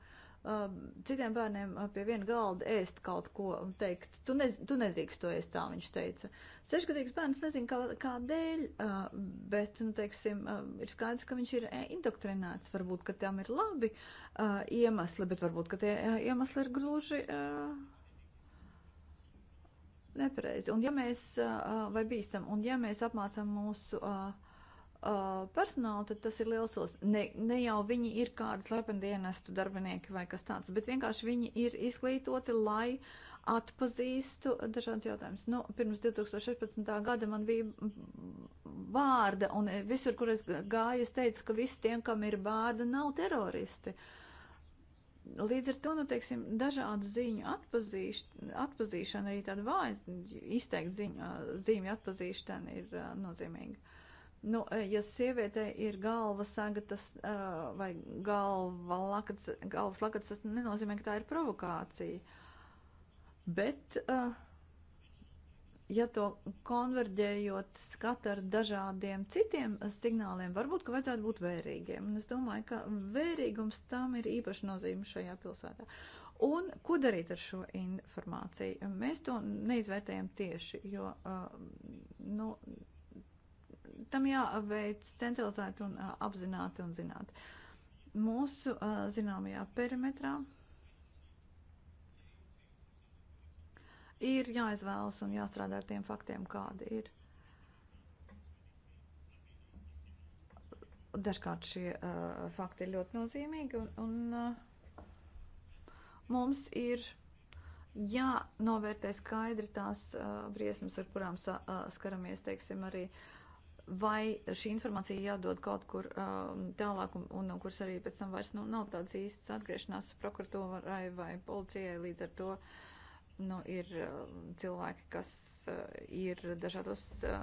Um, citiem bērniem uh, pie viena galda ēst kaut ko un teikt, tu, nez, tu nedrīkst to ēst, tā viņš teica. Sešgadīgs bērns nezin kā, kādēļ, uh, bet, nu, teiksim, um, ir skaidrs, ka viņš ir eh, indoktrinēts. Varbūt, ka tam ir labi uh, iemesli, bet varbūt, ka tie iemesli ir gluži nepareizi. Un ja mēs, vai bīstam, un ja mēs apmācam mūsu uh, personālu, tad tas ir liels solis. Ne, ne jau viņi ir kādi slependienestu darbinieki vai kas tāds, bet vienkārši viņi ir izglītoti, lai atpazīstu dažādas jautājumas. Nu, pirms 2016. gada man bija vārda, un visur, kur es gāju, es teicu, ka visi tiem, kam ir vārda, nav teroristi. Līdz ar to, nu, teiksim, dažādu ziņu atpazīš, atpazīšana, arī tāda vāja izteikti ziņu, zīmju atpazīšana ir uh, nozīmīga. Nu, e, ja sievietē ir galva sagatas e, vai galva lakats, galvas lakats, tas nenozīmē, ka tā ir provokācija. Bet, e, ja to konverģējot skatu ar dažādiem citiem signāliem, varbūt, ka vajadzētu būt vērīgiem. Un es domāju, ka vērīgums tam ir īpaši nozīme šajā pilsētā. Un ko darīt ar šo informāciju? Mēs to neizvērtējam tieši, jo uh, nu, tam jāveic centralizēti un apzināti un zināt. Mūsu zināmajā perimetrā ir jāizvēlas un jāstrādā ar tiem faktiem, kādi ir. Dažkārt šie uh, fakti ir ļoti nozīmīgi, un, un uh, mums ir jānovērtē skaidri tās uh, briesmas, ar kurām saskaramies, uh, teiksim, arī uh, vai šī informācija jādod kaut kur um, tālāk, un, un no kuras arī pēc tam vairs nu, nav tādas īstas atgriešanās prokuratūrai vai policijai līdz ar to. Nu, ir um, cilvēki, kas uh, ir dažādos uh,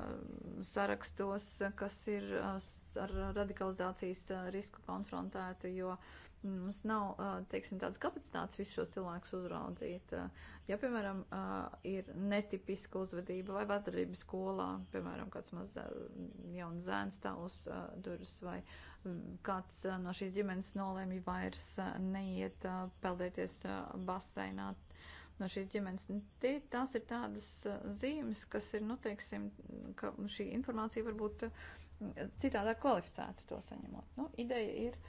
sarakstos, kas ir uh, ar radikalizācijas uh, risku konfrontēti, jo uh, Mums nav, teiksim, tādas kapacitātes visus šos cilvēkus uzraudzīt. Ja, piemēram, ir netipiska uzvedība vai vadarība skolā, piemēram, kāds maz jauns zēns tā uz durvis vai kāds no šīs ģimenes nolēmja vairs neiet peldēties baseinā, no šīs ģimenes. Tie, tās ir tādas zīmes, kas ir, nu, teiksim, ka šī informācija varbūt citādāk kvalificēta to saņemot. Nu, ideja ir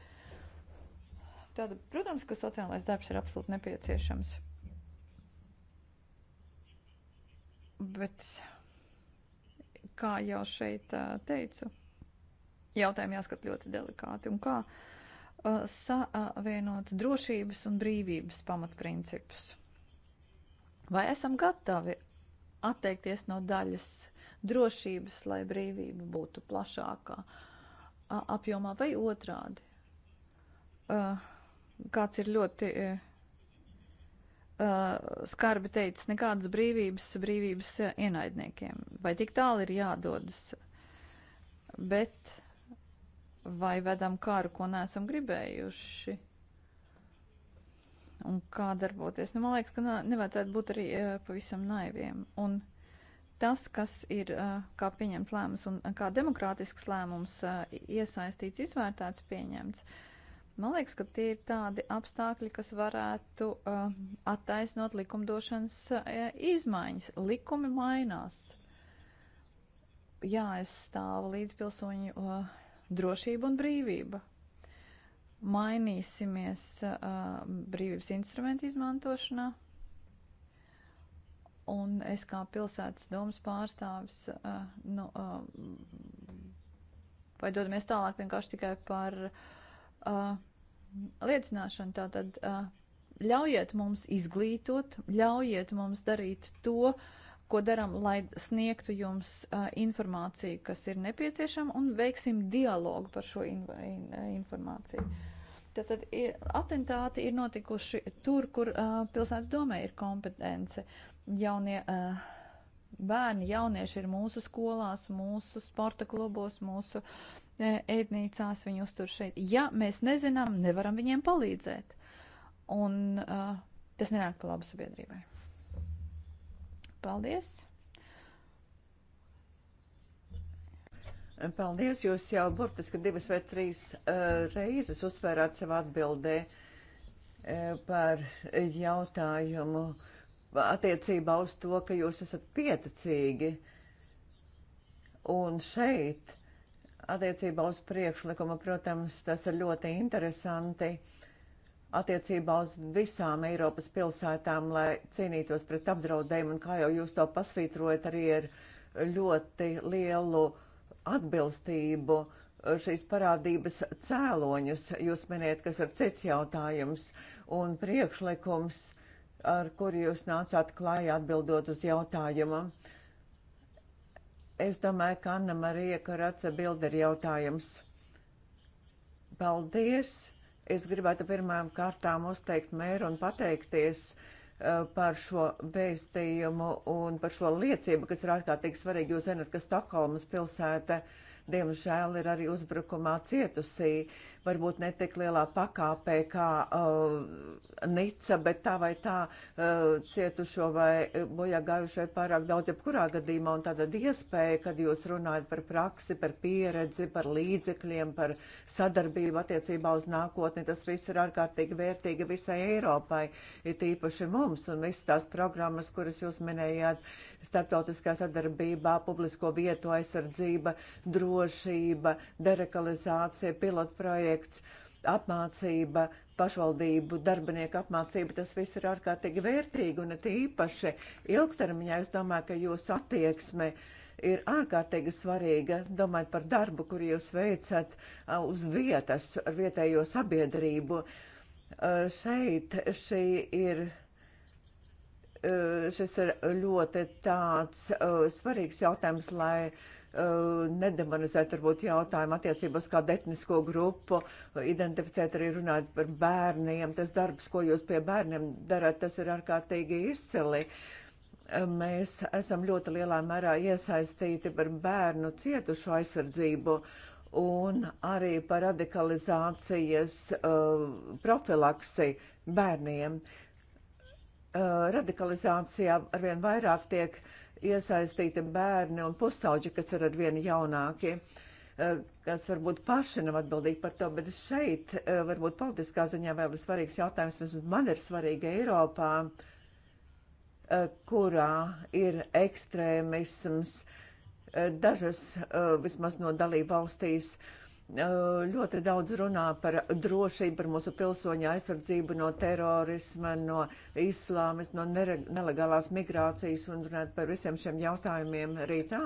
Tad, protams, ka sociālais darbs ir absolūti nepieciešams. Bet, kā jau šeit teicu, jautājumi jāskat ļoti delikāti un kā savienot drošības un brīvības pamatprincipus. Vai esam gatavi atteikties no daļas drošības, lai brīvība būtu plašākā apjomā vai otrādi? Uh, kāds ir ļoti uh, skarbi teicis, nekādas brīvības, brīvības uh, ienaidniekiem. Vai tik tālu ir jādodas, bet vai vedam kāru, ko neesam gribējuši? Un kā darboties? Nu, man liekas, ka nā, nevajadzētu būt arī uh, pavisam naiviem. Un tas, kas ir kā pieņemts lēmums un kā demokrātisks lēmums iesaistīts, izvērtēts, pieņemts, uh, Man liekas, ka tie ir tādi apstākļi, kas varētu uh, attaisnot likumdošanas uh, izmaiņas. Likumi mainās. Jāaizstāv līdz pilsoņu uh, drošība un brīvība. Mainīsimies uh, brīvības instrumentu izmantošanā. Un es kā pilsētas domas pārstāvis, uh, nu, uh, vai dodamies tālāk vienkārši tikai par uh, liecināšanu. Tātad ļaujiet mums izglītot, ļaujiet mums darīt to, ko darām, lai sniegtu jums informāciju, kas ir nepieciešama, un veiksim dialogu par šo in in informāciju. Tātad atentāti ir notikuši tur, kur uh, pilsētas domē ir kompetence. Jaunie uh, bērni, jaunieši ir mūsu skolās, mūsu sporta klubos, mūsu uh, E, ēdnīcās, viņi uztur šeit. Ja mēs nezinām, nevaram viņiem palīdzēt. Un uh, tas nenāk pa labu sabiedrībai. Paldies! Paldies! Jūs jau burtiski divas vai trīs uh, reizes uzsvērāt savā atbildē uh, par jautājumu attiecībā uz to, ka jūs esat pieticīgi. Un šeit attiecībā uz priekšlikumu, protams, tas ir ļoti interesanti attiecībā uz visām Eiropas pilsētām, lai cīnītos pret apdraudējumu, un kā jau jūs to pasvītrojat, arī ar ļoti lielu atbilstību šīs parādības cēloņus. Jūs minējat, kas ir cits jautājums un priekšlikums, ar kuru jūs nācāt klājā atbildot uz jautājumu. Uh, Es domāju, ka Anna Marija Karaca bilde ir jautājums. Paldies! Es gribētu pirmām kārtām uzteikt mēru un pateikties uh, par šo vēstījumu un par šo liecību, kas ir ārkārtīgi svarīgi. Jūs zināt, ka Stokholmas pilsēta, diemžēl, ir arī uzbrukumā cietusī, varbūt ne tik lielā pakāpē kā uh, Nica, bet tā vai tā uh, cietušo vai bojā gājušo ir pārāk daudz jebkurā gadījumā, un tāda iespēja, kad jūs runājat par praksi, par pieredzi, par līdzekļiem, par sadarbību attiecībā uz nākotni, tas viss ir ārkārtīgi vērtīgi visai Eiropai, ir tīpaši mums, un visas tās programmas, kuras jūs minējāt, starptautiskā sadarbībā, publisko vietu aizsardzība, drošība, derekalizācija, pilotprojekti, projekts, apmācība, pašvaldību darbinieku apmācība, tas viss ir ārkārtīgi vērtīgi un tīpaši ilgtermiņā es domāju, ka jūsu attieksme ir ārkārtīgi svarīga, domājot par darbu, kur jūs veicat uz vietas ar vietējo sabiedrību. Šeit šī ir šis ir ļoti tāds uh, svarīgs jautājums, lai Eh, nedemonizēt varbūt jautājumu attiecībos kādu etnisko grupu, identificēt arī runāt par bērniem. Tas darbs, ko jūs pie bērniem darat, tas ir ārkārtīgi izcili. Eh, mēs esam ļoti lielā mērā iesaistīti par bērnu cietušu aizsardzību un arī par radikalizācijas uh, profilaksi bērniem. Uh, radikalizācijā arvien vairāk tiek uh, iesaistīti bērni un pusauģi, kas ir arvien jaunāki, eh, kas varbūt paši nav atbildīgi par to, bet šeit eh, varbūt politiskā ziņā vēl ir svarīgs jautājums, vismaz man ir svarīgi Eiropā, eh, kurā ir ekstrēmisms, dažas vismaz no dalību valstīs ļoti daudz runā par drošību, par mūsu pilsoņu aizsardzību no terorisma, no islāmas, no nelegālās migrācijas un runāt par visiem šiem jautājumiem arī tā.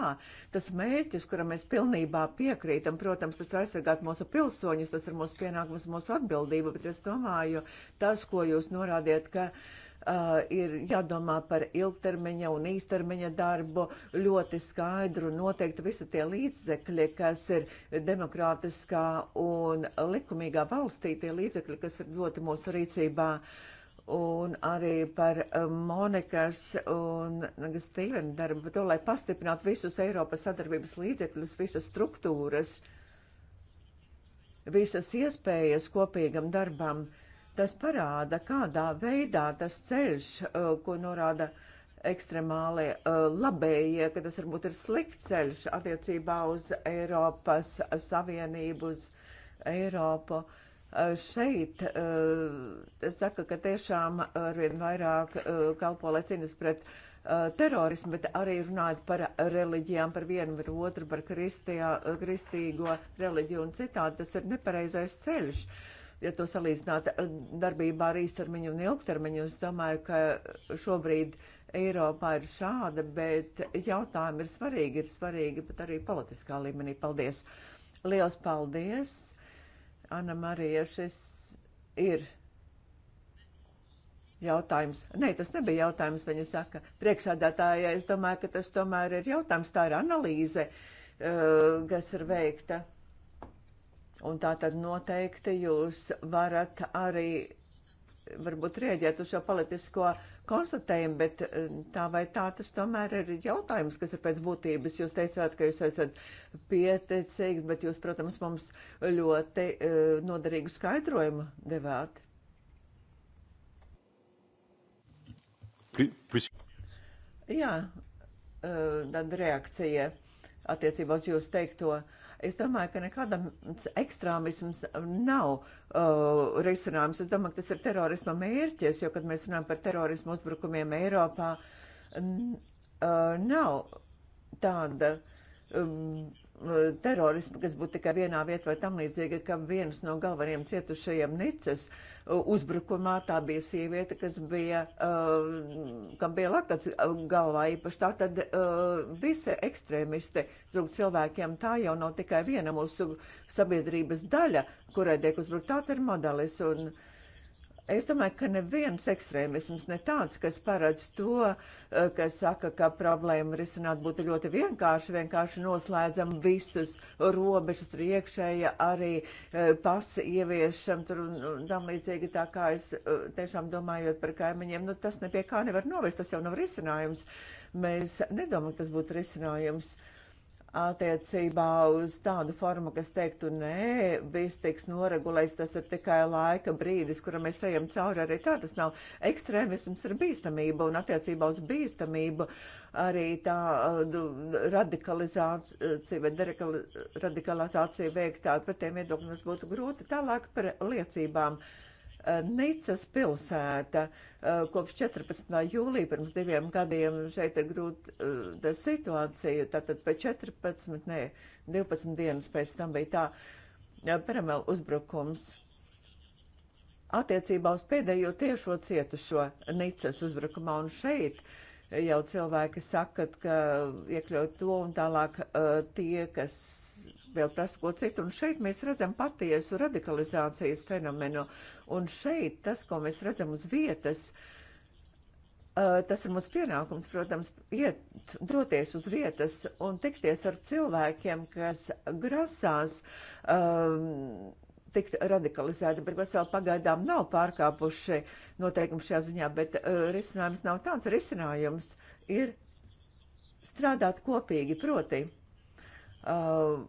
Tas mērķis, kuram mēs pilnībā piekrītam, protams, tas ir aizsargāt mūsu pilsoņus, tas ir mūsu pienākums, mūsu atbildība, bet es domāju, tas, ko jūs norādiet, ka. Uh, Eh, ir jādomā par ilgtermiņa un īstermiņa darbu, ļoti skaidru noteikti visi tie līdzekļi, kas ir demokrātiskā un likumīgā valstī, tie līdzekļi, kas ir doti mūsu rīcībā. Un arī par eh, Monikas un Stīvena darbu, to, lai pastiprinātu visus Eiropas sadarbības līdzekļus, visas struktūras, visas iespējas kopīgam darbam. Uh, Tas parāda, kādā veidā tas ceļš, uh, ko norāda ekstremālie uh, labējie, ka tas varbūt ir slikts ceļš attiecībā uz Eiropas Savienību, uz Eiropu. Uh, šeit es saku, ka tiešām arvien vairāk kalpo, lai cīnās pret terorismu, bet arī runājot par reliģijām, par vienu, par otru, par kristijā, kristīgo reliģiju un citādi. Tas ir nepareizais ceļš. Uh, ja to salīdzināt eh, darbībā ar īstermiņu un ilgtermiņu, es domāju, ka šobrīd Eiropā ir šāda, bet jautājumi ir svarīgi, ir svarīgi pat arī politiskā līmenī. Paldies! Liels paldies! Anna Marija, šis ir jautājums. Nē, tas nebija jautājums, viņa saka. Priekšādātājai es domāju, ka tas tomēr ir jautājums, tā ir analīze, eh, kas ir veikta. Un tā tad noteikti jūs varat arī varbūt rēģēt uz šo politisko konstatējumu, bet eh, tā vai tā tas tomēr ir jautājums, kas ir pēc būtības. Jūs teicāt, ka jūs esat pieteicīgs, bet jūs, protams, mums ļoti uh, noderīgu skaidrojumu devāt. Pris. Jā, uh, tad reakcija attiecībā uz jūsu teikto. Uh, Es domāju, ka nekādam ekstrēmisms nav uh, risinājums. Es domāju, ka tas ir terorisma mērķis, jo, kad mēs runājam par terorismu uzbrukumiem Eiropā, n, uh, nav tāda um, Eh, terorismu, kas būtu tikai vienā vietā vai tam līdzīga, ka viens no galvenajiem cietušajiem Nicas eh, uzbrukumā tā bija sieviete, kas bija, eh, kam bija lakats galvā īpaši. Tā tad visi ekstrēmisti trūk cilvēkiem. Tā jau nav tikai viena mūsu sabiedrības daļa, kurai tiek uzbrukt. Tāds ir modelis. Un, uh, Es domāju, ka neviens ekstrēmisms ne tāds, kas paredz to, eh, kas saka, ka problēmu risināt būtu ļoti vienkārši, vienkārši noslēdzam visus robežas ar iekšēja, arī eh, pasi ieviešam tur un tam līdzīgi, tā kā es eh, tiešām domājot par kaimiņiem, nu tas ne pie kā nevar novest, tas jau nav risinājums. Mēs nedomājam, ka tas būtu risinājums. Uh, attiecībā uz tādu formu, kas teiktu, nē, viss tiks noregulēts, tas ir tikai laika brīdis, kura mēs ejam cauri. Arī tā tas nav. Ekstrēmisms ir bīstamība, un attiecībā uz bīstamību arī tā radikalizācija vai deradikalizācija veiktā, par tiem viedokļiem mums būtu grūti tālāk par liecībām. Uh, Nicas pilsēta eh, kopš 14. jūlija pirms diviem gadiem šeit ir grūta eh, situācija, tātad pēc 14, nē, 12 dienas pēc tam bija tā eh, paramēla uzbrukums attiecībā uz pēdējo tiešo cietušo Nicas uzbrukumā. Un šeit jau cilvēki sakat, ka iekļaut to un tālāk tie, kas vēl prasa ko citu. Un šeit mēs redzam patiesu radikalizācijas fenomenu. Un šeit tas, ko mēs redzam uz vietas, uh, tas ir mūsu pienākums, protams, iet, doties uz vietas un tikties ar cilvēkiem, kas grasās. Um, tikt radikalizēti, bet kas vēl pagaidām nav pārkāpuši noteikumu šajā ziņā, bet uh, risinājums nav tāds. Risinājums ir strādāt kopīgi, proti uh,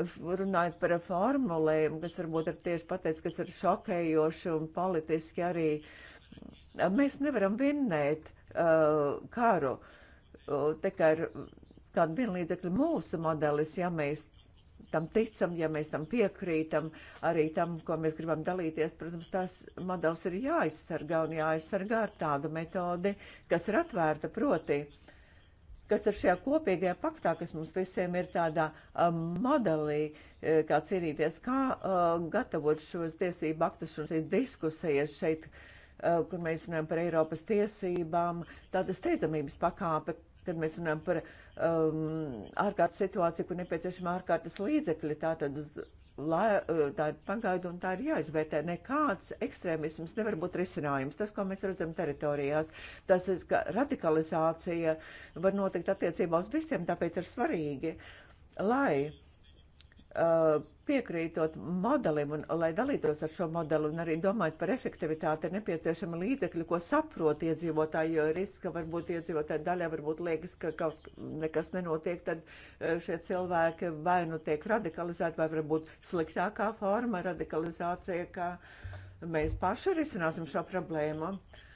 runājot par formulējumu, kas varbūt ir tieši pateicis, kas ir šokējoši un politiski arī, mēs nevaram vinnēt uh, karu. Uh, te kā ir kāda vienlīdzekļa mūsu modelis, ja mēs tam ticam, ja mēs tam piekrītam, arī tam, ko mēs gribam dalīties, protams, tās modelis ir jāaizsargā un jāaizsargā ar tādu metodi, kas ir atvērta proti. Uh, kas ir šajā kopīgajā paktā, kas mums visiem ir tādā um, modelī, eh, kā cīnīties, kā uh, gatavot šos tiesību aktus un šīs diskusijas šeit, uh, kur mēs runājam par Eiropas tiesībām, tādas steidzamības pakāpe, kad mēs runājam par um, ārkārtas situāciju, kur nepieciešama ārkārtas līdzekļi, tātad uz la, eh, tā ir pagaidu un tā ir jāizvērtē. Nekāds ekstrēmisms nevar būt risinājums. Tas, ko mēs redzam teritorijās, tas ir, ka radikalizācija var notikt attiecībā uz visiem, tāpēc ir svarīgi, lai uh, piekrītot modelim un, lai dalītos ar šo modeli un arī domājot par efektivitāti, ir nepieciešama līdzekļi, ko saprot iedzīvotāji, jo risks, ka varbūt iedzīvotāji daļā varbūt liekas, ka kaut nekas nenotiek, tad e, šie cilvēki vai nu tiek radikalizēti, vai varbūt sliktākā forma radikalizācija, ka mēs paši risināsim šo problēmu. Uh,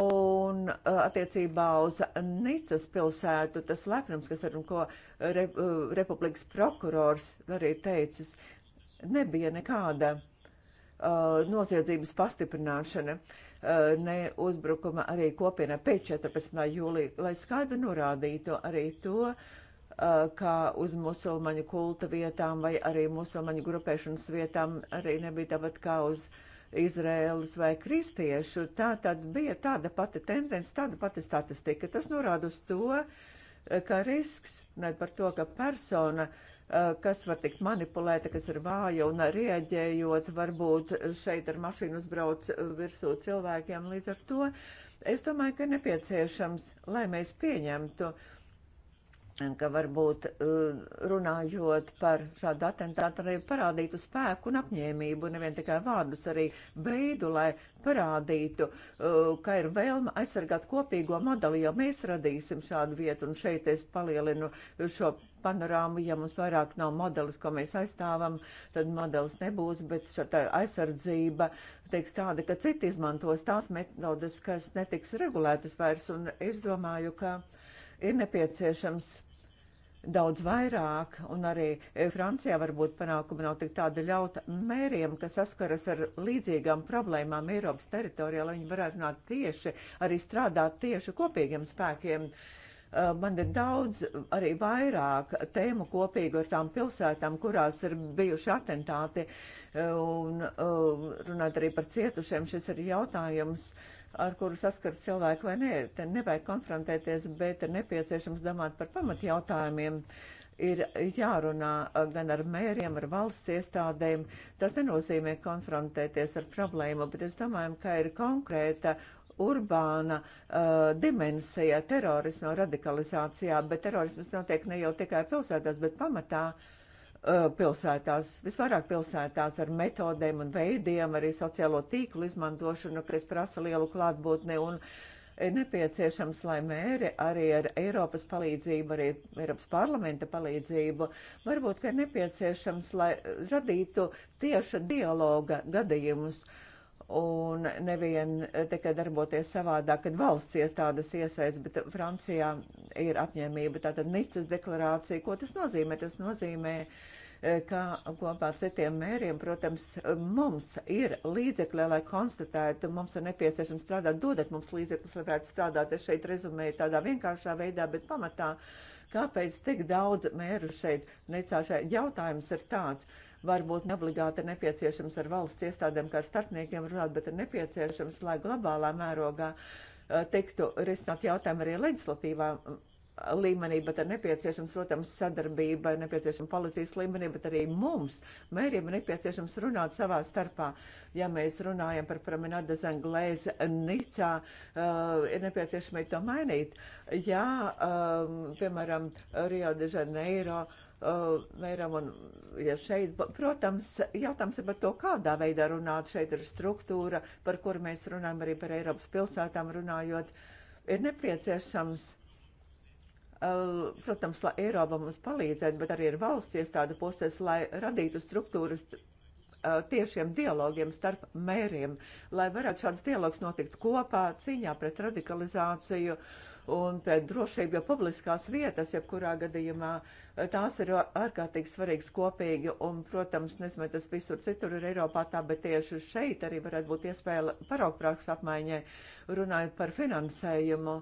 Un uh, attiecībā uz Nicas pilsētu tas lepnums, kas ar un ko re, uh, republikas prokurors arī teicis, nebija nekāda uh, noziedzības pastiprināšana, uh, ne uzbrukuma arī kopienā pēc 14. jūlija, lai skaidri norādītu arī to, uh, kā uz musulmaņu kulta vietām vai arī musulmaņu grupēšanas vietām arī nebija tāpat kā uz uh, Izraēlas vai kristiešu. Tā tad bija tāda pati tendence, tāda pati statistika. Tas norāda uz to, eh, ka risks, ne par to, ka persona, eh, kas var tikt manipulēta, kas ir vāja un rieģējot, varbūt šeit ar mašīnu uzbrauc eh, virsū cilvēkiem līdz ar to. Es domāju, ka nepieciešams, lai mēs pieņemtu uh, ka varbūt eh, runājot par šādu atentātu arī parādītu spēku un apņēmību, nevien tikai vārdus, arī veidu, lai parādītu, eh, ka ir vēlme aizsargāt kopīgo modeli, jo mēs radīsim šādu vietu, un šeit es palielinu šo panorāmu, ja mums vairāk nav modelis, ko mēs aizstāvam, tad modelis nebūs, bet šāda aizsardzība teiks tāda, ka citi izmantos tās metodas, kas netiks regulētas vairs, un es domāju, ka ir nepieciešams daudz vairāk, un arī e, Francijā varbūt panākumi nav tik tāda ļauta mēriem, kas saskaras ar līdzīgām problēmām Eiropas teritorijā, lai viņi varētu nākt tieši, arī strādāt tieši kopīgiem spēkiem. E, man ir daudz, arī vairāk tēmu kopīgu ar tām pilsētām, kurās ir bijuši atentāti, e, un runāt arī par cietušiem, šis ir jautājums. Uh, ar kuru saskars cilvēki vai nē. Te nevajag konfrontēties, bet ir nepieciešams domāt par pamatjautājumiem. Ir jārunā eh, gan ar mēriem, ar valsts iestādēm. Tas nenozīmē konfrontēties ar problēmu, bet es domāju, ka ir konkrēta urbāna uh, dimensija terorisma radikalizācijā, bet terorisms notiek ne jau tikai pilsētās, bet pamatā uh, Uh, pilsētās, visvairāk pilsētās ar metodēm un veidiem, arī sociālo tīklu izmantošanu, kas prasa lielu klātbūtni un ir nepieciešams, lai mēri arī ar Eiropas palīdzību, arī Eiropas parlamenta palīdzību, varbūt, ka ir nepieciešams, lai radītu tieša dialoga gadījumus. Uh, un nevien tikai darboties savādāk, kad valsts iestādes iesaist, bet Francijā ir apņēmība. Tātad Nicas deklarācija, ko tas nozīmē? Tas nozīmē, e, ka kopā ar citiem mēriem, protams, mums ir līdzekļi, lai konstatētu, mums ir nepieciešams strādāt, dodat mums līdzekļus, lai varētu strādāt. Es šeit rezumēju tādā vienkāršā veidā, bet pamatā, kāpēc tik daudz mēru šeit necāšai? Jautājums ir tāds varbūt neobligāti ir nepieciešams ar valsts iestādēm kā ar starpniekiem runāt, bet ir nepieciešams, lai globālā mērogā uh, tiktu risināt jautājumu arī leģislatīvā mm, līmenī, bet ir nepieciešams, protams, sadarbība, ir nepieciešama policijas līmenī, bet arī mums, mēriem, ir nepieciešams runāt savā starpā. Ja mēs runājam par promenādu Zanglēzi Nicā, uh, ir nepieciešami to mainīt. Jā, um, piemēram, Rio de Janeiro. Uh, Uh, mēram, un ja šeit, protams, jautājums ir par to, kādā veidā runāt. Šeit ir struktūra, par kuru mēs runājam arī par Eiropas pilsētām runājot. Ir nepieciešams uh, protams, lai Eiropa mums palīdzētu, bet arī ir valsts iestāde puses, lai radītu struktūras uh, tiešiem dialogiem starp mēriem, lai varētu šāds dialogs notikt kopā cīņā pret radikalizāciju. Uh, un pret drošību, jo publiskās vietas, jebkurā gadījumā, eh, tās ir ārkārtīgi svarīgas kopīgi, un, protams, nezinu, tas visur citur ir Eiropā tā, bet tieši šeit arī varētu būt iespēja paraugprāks apmaiņai, runājot par finansējumu.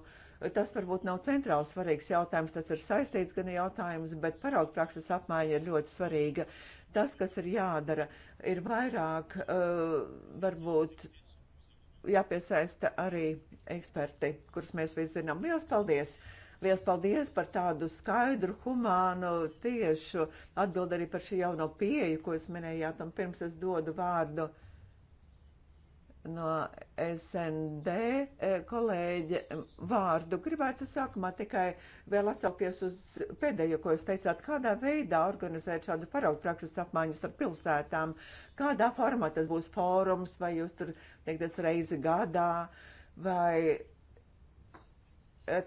Tas varbūt nav centrāli svarīgs jautājums, tas ir saistīts gan jautājums, bet paraugprakses apmaiņa ir ļoti svarīga. Tas, kas ir jādara, ir vairāk uh, varbūt jāpiesaista arī eksperti, kurus mēs visi zinām. Lielas paldies! Lielas paldies par tādu skaidru, humānu, tiešu atbildi arī par šī jauno pieeju, ko jūs minējāt, un pirms es dodu vārdu no SND e, kolēģe vārdu. Gribētu sākumā tikai vēl atsaukties uz pēdējo, ko jūs teicāt, kādā veidā organizēt šādu paraugu prakses apmaiņas ar pilsētām, kādā formā tas būs fórums, vai jūs tur teikties reizi gadā, vai e,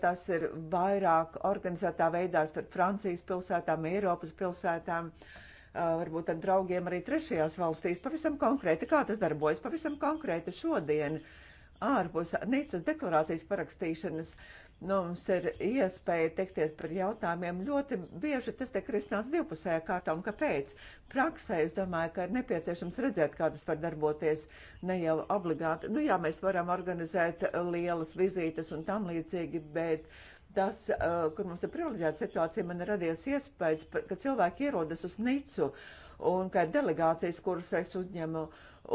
tas ir vairāk organizētā veidā starp Francijas pilsētām, Eiropas pilsētām. Uh, varbūt ar draugiem arī trešajās valstīs. Pavisam konkrēti, kā tas darbojas, pavisam konkrēti šodien ārpus Nīcas deklarācijas parakstīšanas nu, mums ir iespēja tikties par jautājumiem. Ļoti bieži tas tiek risināts divpusējā kārtā un kāpēc. Praksē es domāju, ka ir nepieciešams redzēt, kā tas var darboties, ne jau obligāti. Nu jā, mēs varam organizēt lielas vizītes un tam līdzīgi, bet tas, kur mums ir privileģēta situācija, man ir radies iespējas, ka cilvēki ierodas uz Nicu un ka ir delegācijas, kuras es uzņemu.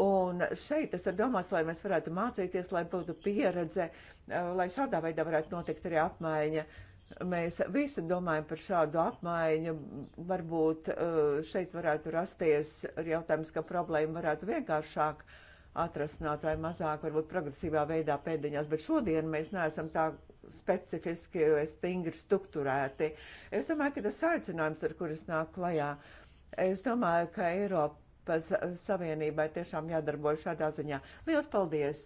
Un šeit es domāju, lai mēs varētu mācīties, lai būtu pieredze, lai šādā veidā varētu notikt arī apmaiņa. Mēs visi domājam par šādu apmaiņu. Varbūt šeit varētu rasties jautājums, ka problēma varētu vienkāršāk atrasināt vai mazāk, varbūt progresīvā veidā pēdiņās, bet šodien mēs neesam tā specifiski, jo es stingri strukturēti. Es domāju, ka tas aicinājums, ar kuras nāk klajā, es domāju, ka Eiropas Savienībai tiešām jādarbojas šādā ziņā. Lielas paldies!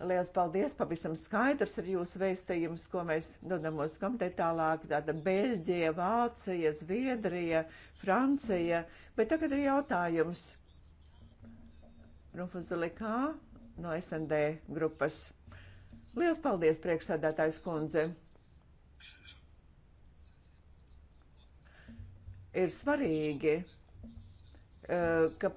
Lielas paldies! Pavisam skaidrs ir jūsu vēstījums, ko mēs dodam uz komitē tālāk. Tāda Beļģija, Vācija, Zviedrija, Francija. Bet tagad ir jautājums. Rufu Zalikā no SND grupas. Lielas paldies, priekšsēdētājs kundze! Ir svarīgi, eh, ka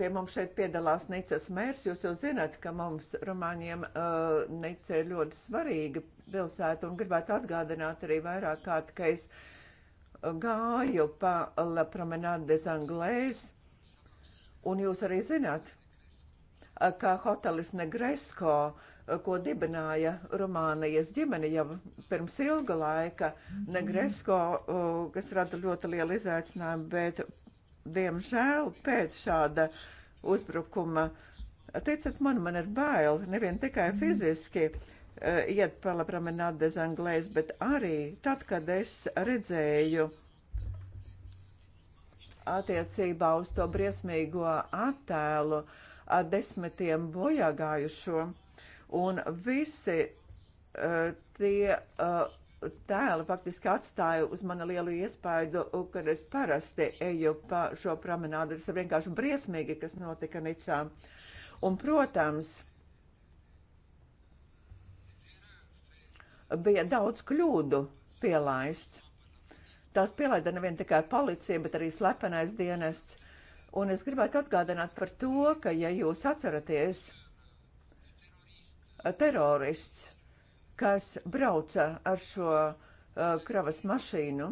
pie mums šeit piedalās Nicas mērs. Jūs jau zināt, ka mums Rumāņiem uh, eh, Nica ir ļoti svarīga pilsēta un gribētu atgādināt arī vairāk kārt, ka es gāju pa La Promenade des Anglais. Un jūs arī zināt, eh, ka hotelis Negresko uh, ko dibināja Rumānijas ģimene jau pirms ilga laika, Negresko, kas rada ļoti lielu izaicinājumu, bet, diemžēl, pēc šāda uzbrukuma, ticiet man, man ir bail, nevien tikai fiziski, e, iet pa la promenade des Anglais, bet arī tad, kad es redzēju attiecībā uz to briesmīgo attēlu ar desmitiem bojāgājušo, Un visi uh, tie uh, tēli faktiski atstāja uz mani lielu iespaidu, kad es parasti eju pa šo promenādu. Tas ir vienkārši briesmīgi, kas notika Nicā. Un, protams, bija daudz kļūdu pielaists. Tās pielaida nevien tikai policija, bet arī slepenais dienests. Un es gribētu atgādināt par to, ka, ja jūs atceraties, terorists, kas brauca ar šo uh, kravas mašīnu,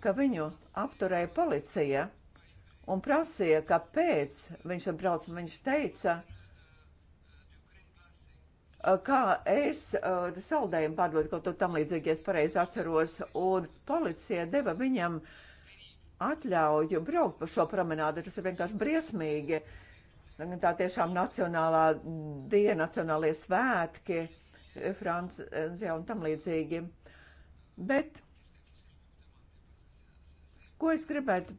ka viņu apturēja policija un prasīja, kāpēc viņš ir braucis. Viņš teica, uh, kā es uh, saldējumu pārdodu kaut ko tam līdzīgi, ja es pareizi atceros, un policija deva viņam atļauju braukt pa šo promenādu. Tas ir vienkārši briesmīgi. Uh, tā tiešām nacionālā diena, nacionālie svētki Francijā un tam līdzīgi. Bet ko es gribētu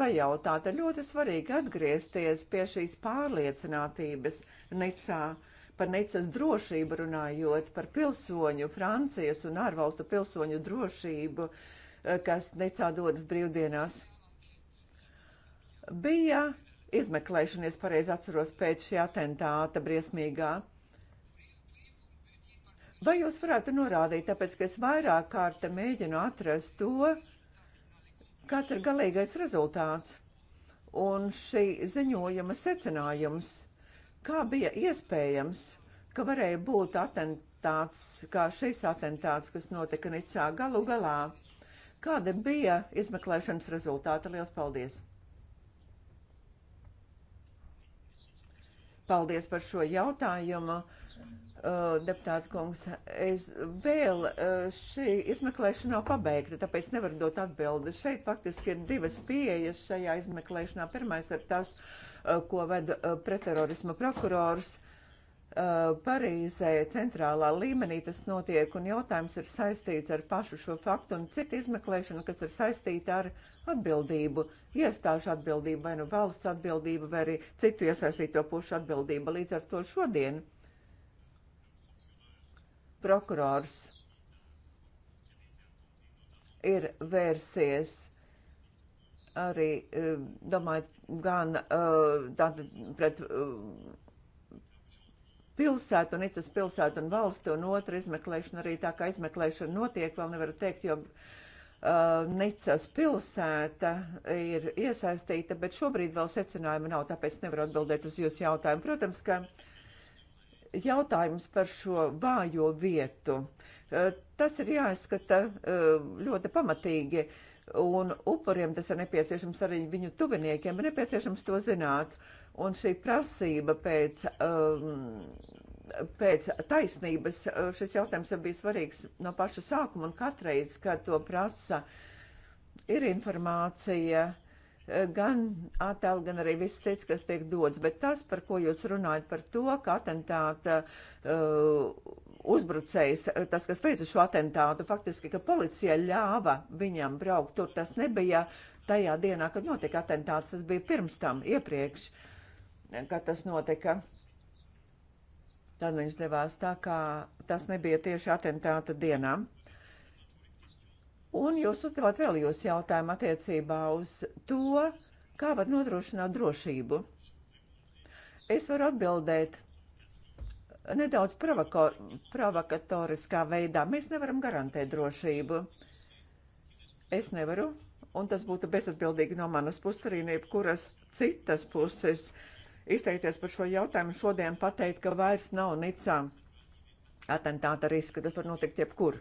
pajautāt, ir ļoti svarīgi atgriezties pie šīs pārliecinātības Nicā. Par Nicas drošību runājot, par pilsoņu, Francijas un ārvalstu pilsoņu drošību, kas Nicā dodas brīvdienās. Bija izmeklēšanu, es pareizi atceros, pēc šī atentāta briesmīgā. Vai jūs varētu norādīt, tāpēc, ka es vairāk kārta mēģinu atrast to, kāds ir galīgais rezultāts un šī ziņojuma secinājums, kā bija iespējams, ka varēja būt atentāts, kā šis atentāts, kas notika Nicā galu galā, kāda bija izmeklēšanas rezultāta. Liels paldies! Paldies par šo jautājumu, uh, deputāta kungs. Es vēl uh, šī izmeklēšana nav pabeigta, tāpēc nevaru dot atbildi. Šeit faktiski ir divas pieejas šajā izmeklēšanā. Pirmais ir tas, uh, ko veda pretterorisma prokurors. Eh, Parīzē centrālā līmenī tas notiek, un jautājums ir saistīts ar pašu šo faktu un citu izmeklēšanu, kas ir saistīta ar atbildību, iestāžu atbildību, vai nu valsts atbildību, vai arī citu iesaistīto pušu atbildību. Līdz ar to šodien prokurors ir vērsies arī, eh, domājot, gan eh, tātad pret pilsētu, Nicas pilsētu un valsti, un otra izmeklēšana arī tā kā izmeklēšana notiek, vēl nevaru teikt, jo uh, Nicas pilsēta ir iesaistīta, bet šobrīd vēl secinājuma nav, tāpēc nevaru atbildēt uz jūsu jautājumu. Protams, ka jautājums par šo vājo vietu, uh, tas ir jāizskata uh, ļoti pamatīgi. Un upuriem tas ir nepieciešams arī viņu tuviniekiem, ir nepieciešams to zināt. Uh, Un šī prasība pēc, um, pēc taisnības, uh, šis jautājums jau bija svarīgs no paša sākuma, un katreiz, kad to prasa, ir informācija uh, gan attēli, gan arī viss cits, kas tiek dots. Bet tas, par ko jūs runājat, par to, ka atentāta uh, uzbrucējs, tas, kas veica šo atentātu, faktiski, ka policija ļāva viņam braukt tur, tas nebija tajā dienā, kad notika atentāts, tas bija pirms tam, iepriekš. Uh, kad tas notika. Tad viņš devās tā, kā tas nebija tieši atentāta dienā. Un jūs uzdevāt vēl jūs jautājumu attiecībā uz to, kā var nodrošināt drošību. Es varu atbildēt nedaudz provoko, provokatoriskā veidā. Mēs nevaram garantēt drošību. Es nevaru, un tas būtu bezatbildīgi no manas puses, arī no jebkuras citas puses. Uh, izteikties par šo jautājumu, šodien pateikt, ka vairs nav Nicā atentāta riska. Tas var notikt jebkur.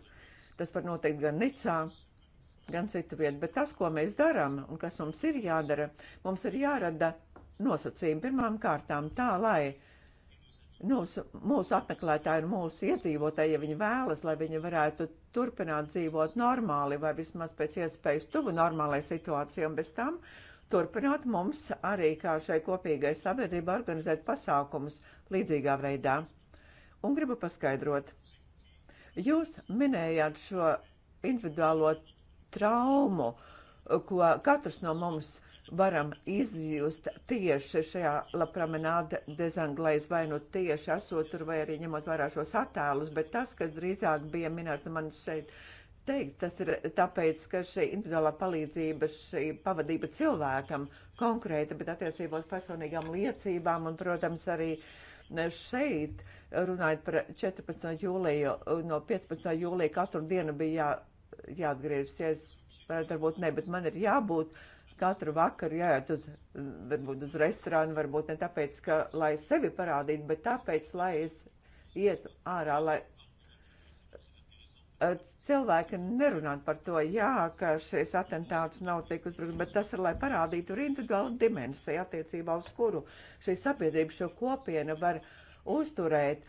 Tas var notikt gan Nicā, gan citu vietu. Bet tas, ko mēs darām un kas mums ir jādara, mums ir jārada nosacījumi pirmām kārtām tā, lai mūsu, mūsu apmeklētāji un mūsu iedzīvotāji, ja viņi vēlas, lai viņi varētu turpināt dzīvot normāli vai vismaz pēc iespējas tuvu normālai situācijai un bez tam turpinot mums arī kā šai kopīgai sabiedrība organizēt pasākumus līdzīgā veidā. Un gribu paskaidrot. Jūs minējāt šo individuālo traumu, ko katrs no mums varam izjust tieši šajā lapramenāde dezanglais, vai nu tieši esot tur, vai arī ņemot vērā šos attēlus, bet tas, kas drīzāk bija minēts man šeit teikt, tas ir tāpēc, ka šī individuālā palīdzība, šī pavadība cilvēkam konkrēta, bet attiecībā uz personīgām liecībām un, protams, arī šeit, runājot par 14. jūliju, no 15. jūlija katru dienu bija jā, jāatgriežas, ja es varētu varbūt ne, bet man ir jābūt katru vakaru jāiet uz, varbūt uz restorānu, varbūt ne tāpēc, ka, lai sevi parādītu, bet tāpēc, lai es ietu ārā, lai Eh, cilvēki nerunāt par to, jā, ka šis atentāts nav tik uzbrukts, bet tas ir, lai parādītu arī individuālu dimensiju attiecībā uz kuru šī sabiedrība, šo kopienu var uzturēt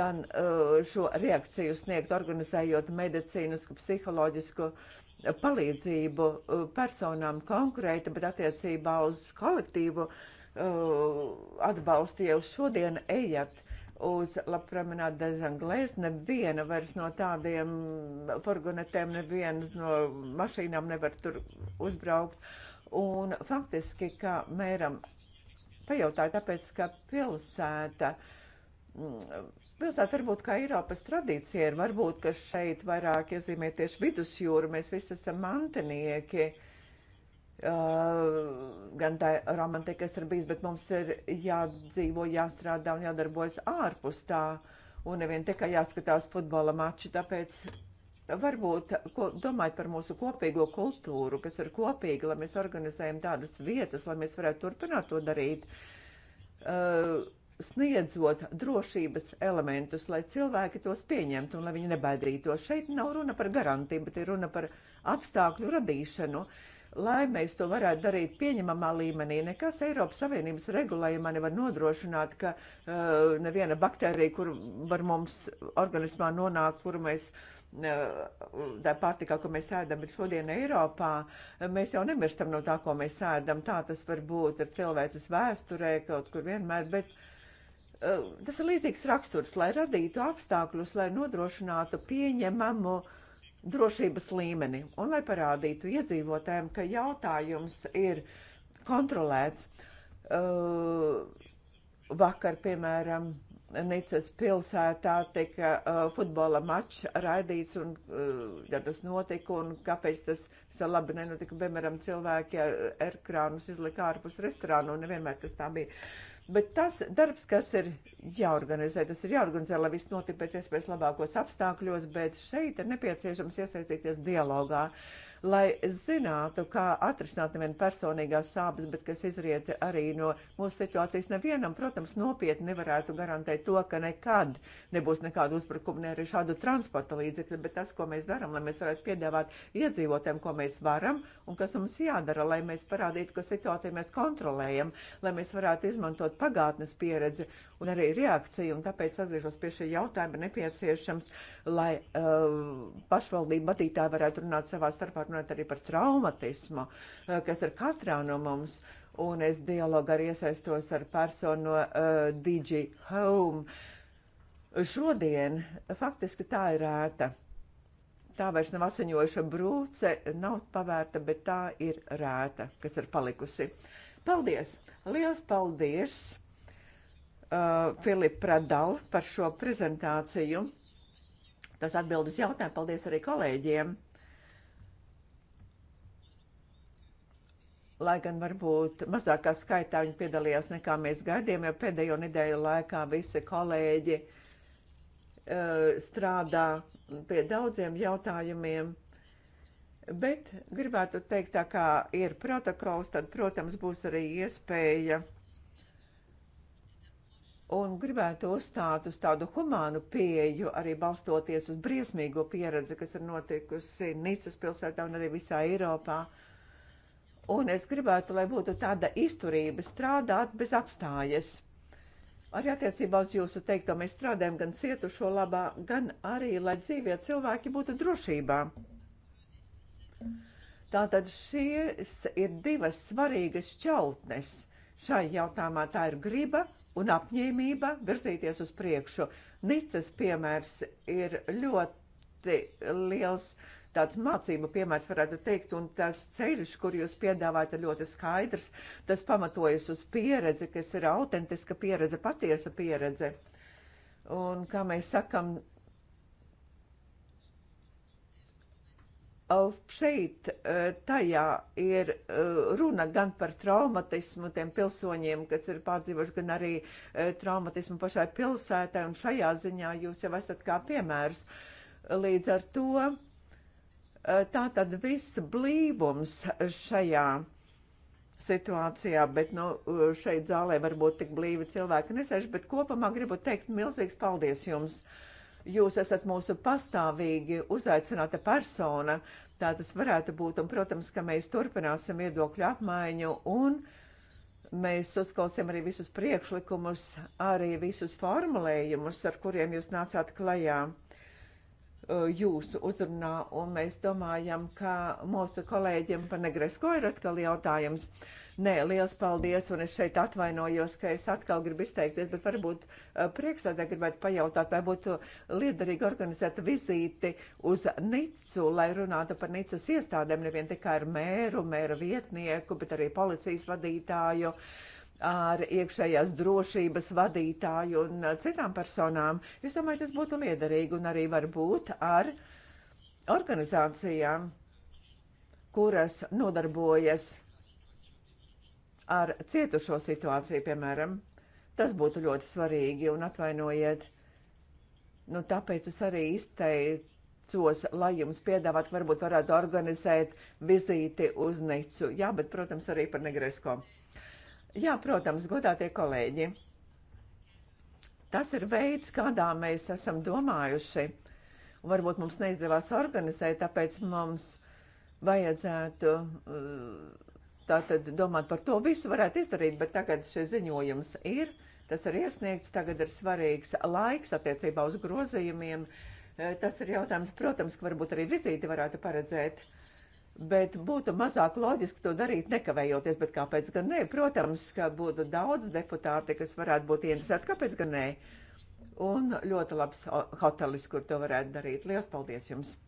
gan eh, šo reakciju sniegt, organizējot medicīnisku, psiholoģisku eh, palīdzību personām konkrēti, bet attiecībā uz kolektīvu atbalstu jau šodien ejat uz La Promenade des Anglais. Neviena vairs no tādiem furgonetēm, neviena no mašīnām nevar tur uzbraukt. Un faktiski, kā mēram pajautāja, tāpēc, ka pilsēta. Mm, pilsēta varbūt kā Eiropas tradīcija ir, varbūt, ka šeit vairāk iezīmē tieši vidusjūru, mēs visi esam mantinieki. Uh, gan tā romantika, kas ir bijis, bet mums ir jādzīvo, jāstrādā un jādarbojas ārpus tā. Un nevien tikai jāskatās futbola mači, tāpēc varbūt ko, domājot par mūsu kopīgo kultūru, kas ir kopīga, lai mēs organizējam tādas vietas, lai mēs varētu turpināt to darīt, uh, sniedzot drošības elementus, lai cilvēki tos pieņemtu un lai viņi nebaidītos. Šeit nav runa par garantiju, bet ir runa par apstākļu radīšanu. Uh, Lai mēs to varētu darīt pieņemamā līmenī, nekas Eiropas Savienības regulējumā nevar nodrošināt, ka uh, neviena baktērija, kur var mums organismā nonākt, kuru mēs uh, tā pārtika, ko mēs ēdam, bet šodien Eiropā mēs jau nemirstam no tā, ko mēs ēdam. Tā tas var būt ar cilvēces vēsturē kaut kur vienmēr, bet uh, tas ir līdzīgs raksturs, lai radītu apstākļus, lai nodrošinātu pieņemamu uh, drošības līmeni un lai parādītu iedzīvotājiem, ka jautājums ir kontrolēts. Uh, vakar, piemēram, Nicas pilsētā tika uh, futbola mačs raidīts, un, uh, ja tas notika, un kāpēc tas salabi nenotika, piemēram, cilvēki ekrānus izlika ārpus restorānu, un nevienmēr tas tā bija. Uh, Bet tas darbs, kas ir jāorganizē, tas ir jāorganizē, lai viss notiktu pēc iespējas labākos apstākļos, bet šeit ir nepieciešams iesaistīties dialogā lai zinātu, kā atrisināt nevienu personīgās sāpes, bet kas izriet arī no mūsu situācijas. Nevienam, protams, nopietni nevarētu garantēt to, ka nekad nebūs nekādu uzbrukumu, ne arī šādu transporta līdzekļu, bet tas, ko mēs darām, lai mēs varētu piedāvāt iedzīvotēm, ko mēs varam un kas mums jādara, lai mēs parādītu, ka situāciju mēs kontrolējam, lai mēs varētu izmantot pagātnes pieredzi un arī reakciju. Un tāpēc atgriežos pie šī jautājuma nepieciešams, lai uh, pašvaldība vadītāji varētu runāt savā starpā. Runāt runājat arī par traumatismu, eh, kas ir katrā no mums. Un es dialogā arī iesaistos ar personu no uh, eh, DG Home. Šodien faktiski tā ir rēta. Tā vairs nav asiņojoša brūce, nav pavērta, bet tā ir rēta, kas ir palikusi. Paldies! Liels paldies, uh, Filip Pradal, par šo prezentāciju. Tas atbild uz jautājumu. Paldies arī kolēģiem! lai gan varbūt mazākā skaitā viņi piedalījās nekā mēs gaidījām, jo pēdējo nedēļu laikā visi kolēģi uh, strādā pie daudziem jautājumiem. Bet gribētu teikt, tā kā ir protokols, tad, protams, būs arī iespēja un gribētu uzstāt uz tādu humānu pieju, arī balstoties uz briesmīgo pieredzi, kas ir notikusi Nīcas pilsētā un arī visā Eiropā. Uh, Un es gribētu, lai būtu tāda izturība strādāt bez apstājas. Arī attiecībā uz jūsu teikto mēs strādājam gan cietušo labā, gan arī, lai dzīvie cilvēki būtu drošībā. Tātad šīs ir divas svarīgas čautnes. Šai jautājumā tā ir griba un apņēmība virzīties uz priekšu. Nicas piemērs ir ļoti liels uh, tāds mācību piemērs, varētu teikt, un tas ceļš, kur jūs piedāvājat, ir ļoti skaidrs. Tas pamatojas uz pieredzi, kas ir autentiska pieredze, patiesa pieredze. Un kā mēs sakam, šeit e, tajā ir e, runa gan par traumatismu tiem pilsoņiem, kas ir pārdzīvojuši, gan arī e, traumatismu pašai pilsētai, un šajā ziņā jūs jau esat kā piemērs. Līdz ar to Eh, tā tad viss blīvums šajā situācijā, bet nu, eh, šeit zālē varbūt tik blīvi cilvēki nesēž, bet kopumā gribu teikt milzīgs paldies jums. Jūs esat mūsu pastāvīgi uzaicināta persona, tā tas varētu būt, un, protams, ka mēs turpināsim viedokļu apmaiņu un mēs uzklausīsim arī visus priekšlikumus, arī visus formulējumus, ar kuriem jūs nācāt klajā. Uh, jūsu uzrunā, un mēs domājam, ka mūsu kolēģiem pa Negresko ir atkal jautājums. Nē, liels paldies, un es šeit atvainojos, ka es atkal gribu izteikties, bet varbūt uh, priekšstādā gribētu pajautāt, vai būtu liederīgi organizēt vizīti uz Nicu, lai runātu par Nicas iestādēm, nevien tikai ar mēru, mēra vietnieku, bet arī policijas vadītāju. Uh, ar iekšējās drošības vadītāju un uh, citām personām. Es domāju, tas būtu liederīgi un arī varbūt ar organizācijām, kuras nodarbojas ar cietušo situāciju, piemēram. Tas būtu ļoti svarīgi un atvainojiet. Nu, tāpēc es arī izteicu Cos, lai jums piedāvāt, varbūt varētu organizēt vizīti uz Nicu. Jā, bet, protams, arī par Negresko. Jā, protams, godātie kolēģi. Tas ir veids, kādā mēs esam domājuši. Un varbūt mums neizdevās organizēt, tāpēc mums vajadzētu uh, tātad domāt par to. Visu varētu izdarīt, bet tagad šis ziņojums ir. Tas ir iesniegts, tagad ir svarīgs laiks attiecībā uz grozījumiem. Uh, tas ir jautājums, protams, ka varbūt arī vizīti varētu paredzēt. Uh, Bet būtu mazāk loģiski to darīt nekavējoties, bet kāpēc gan ne? Protams, ka būtu daudz deputāti, kas varētu būt interesēti, kāpēc gan ne? Un ļoti labs hotelis, kur to varētu darīt. Lielas paldies jums!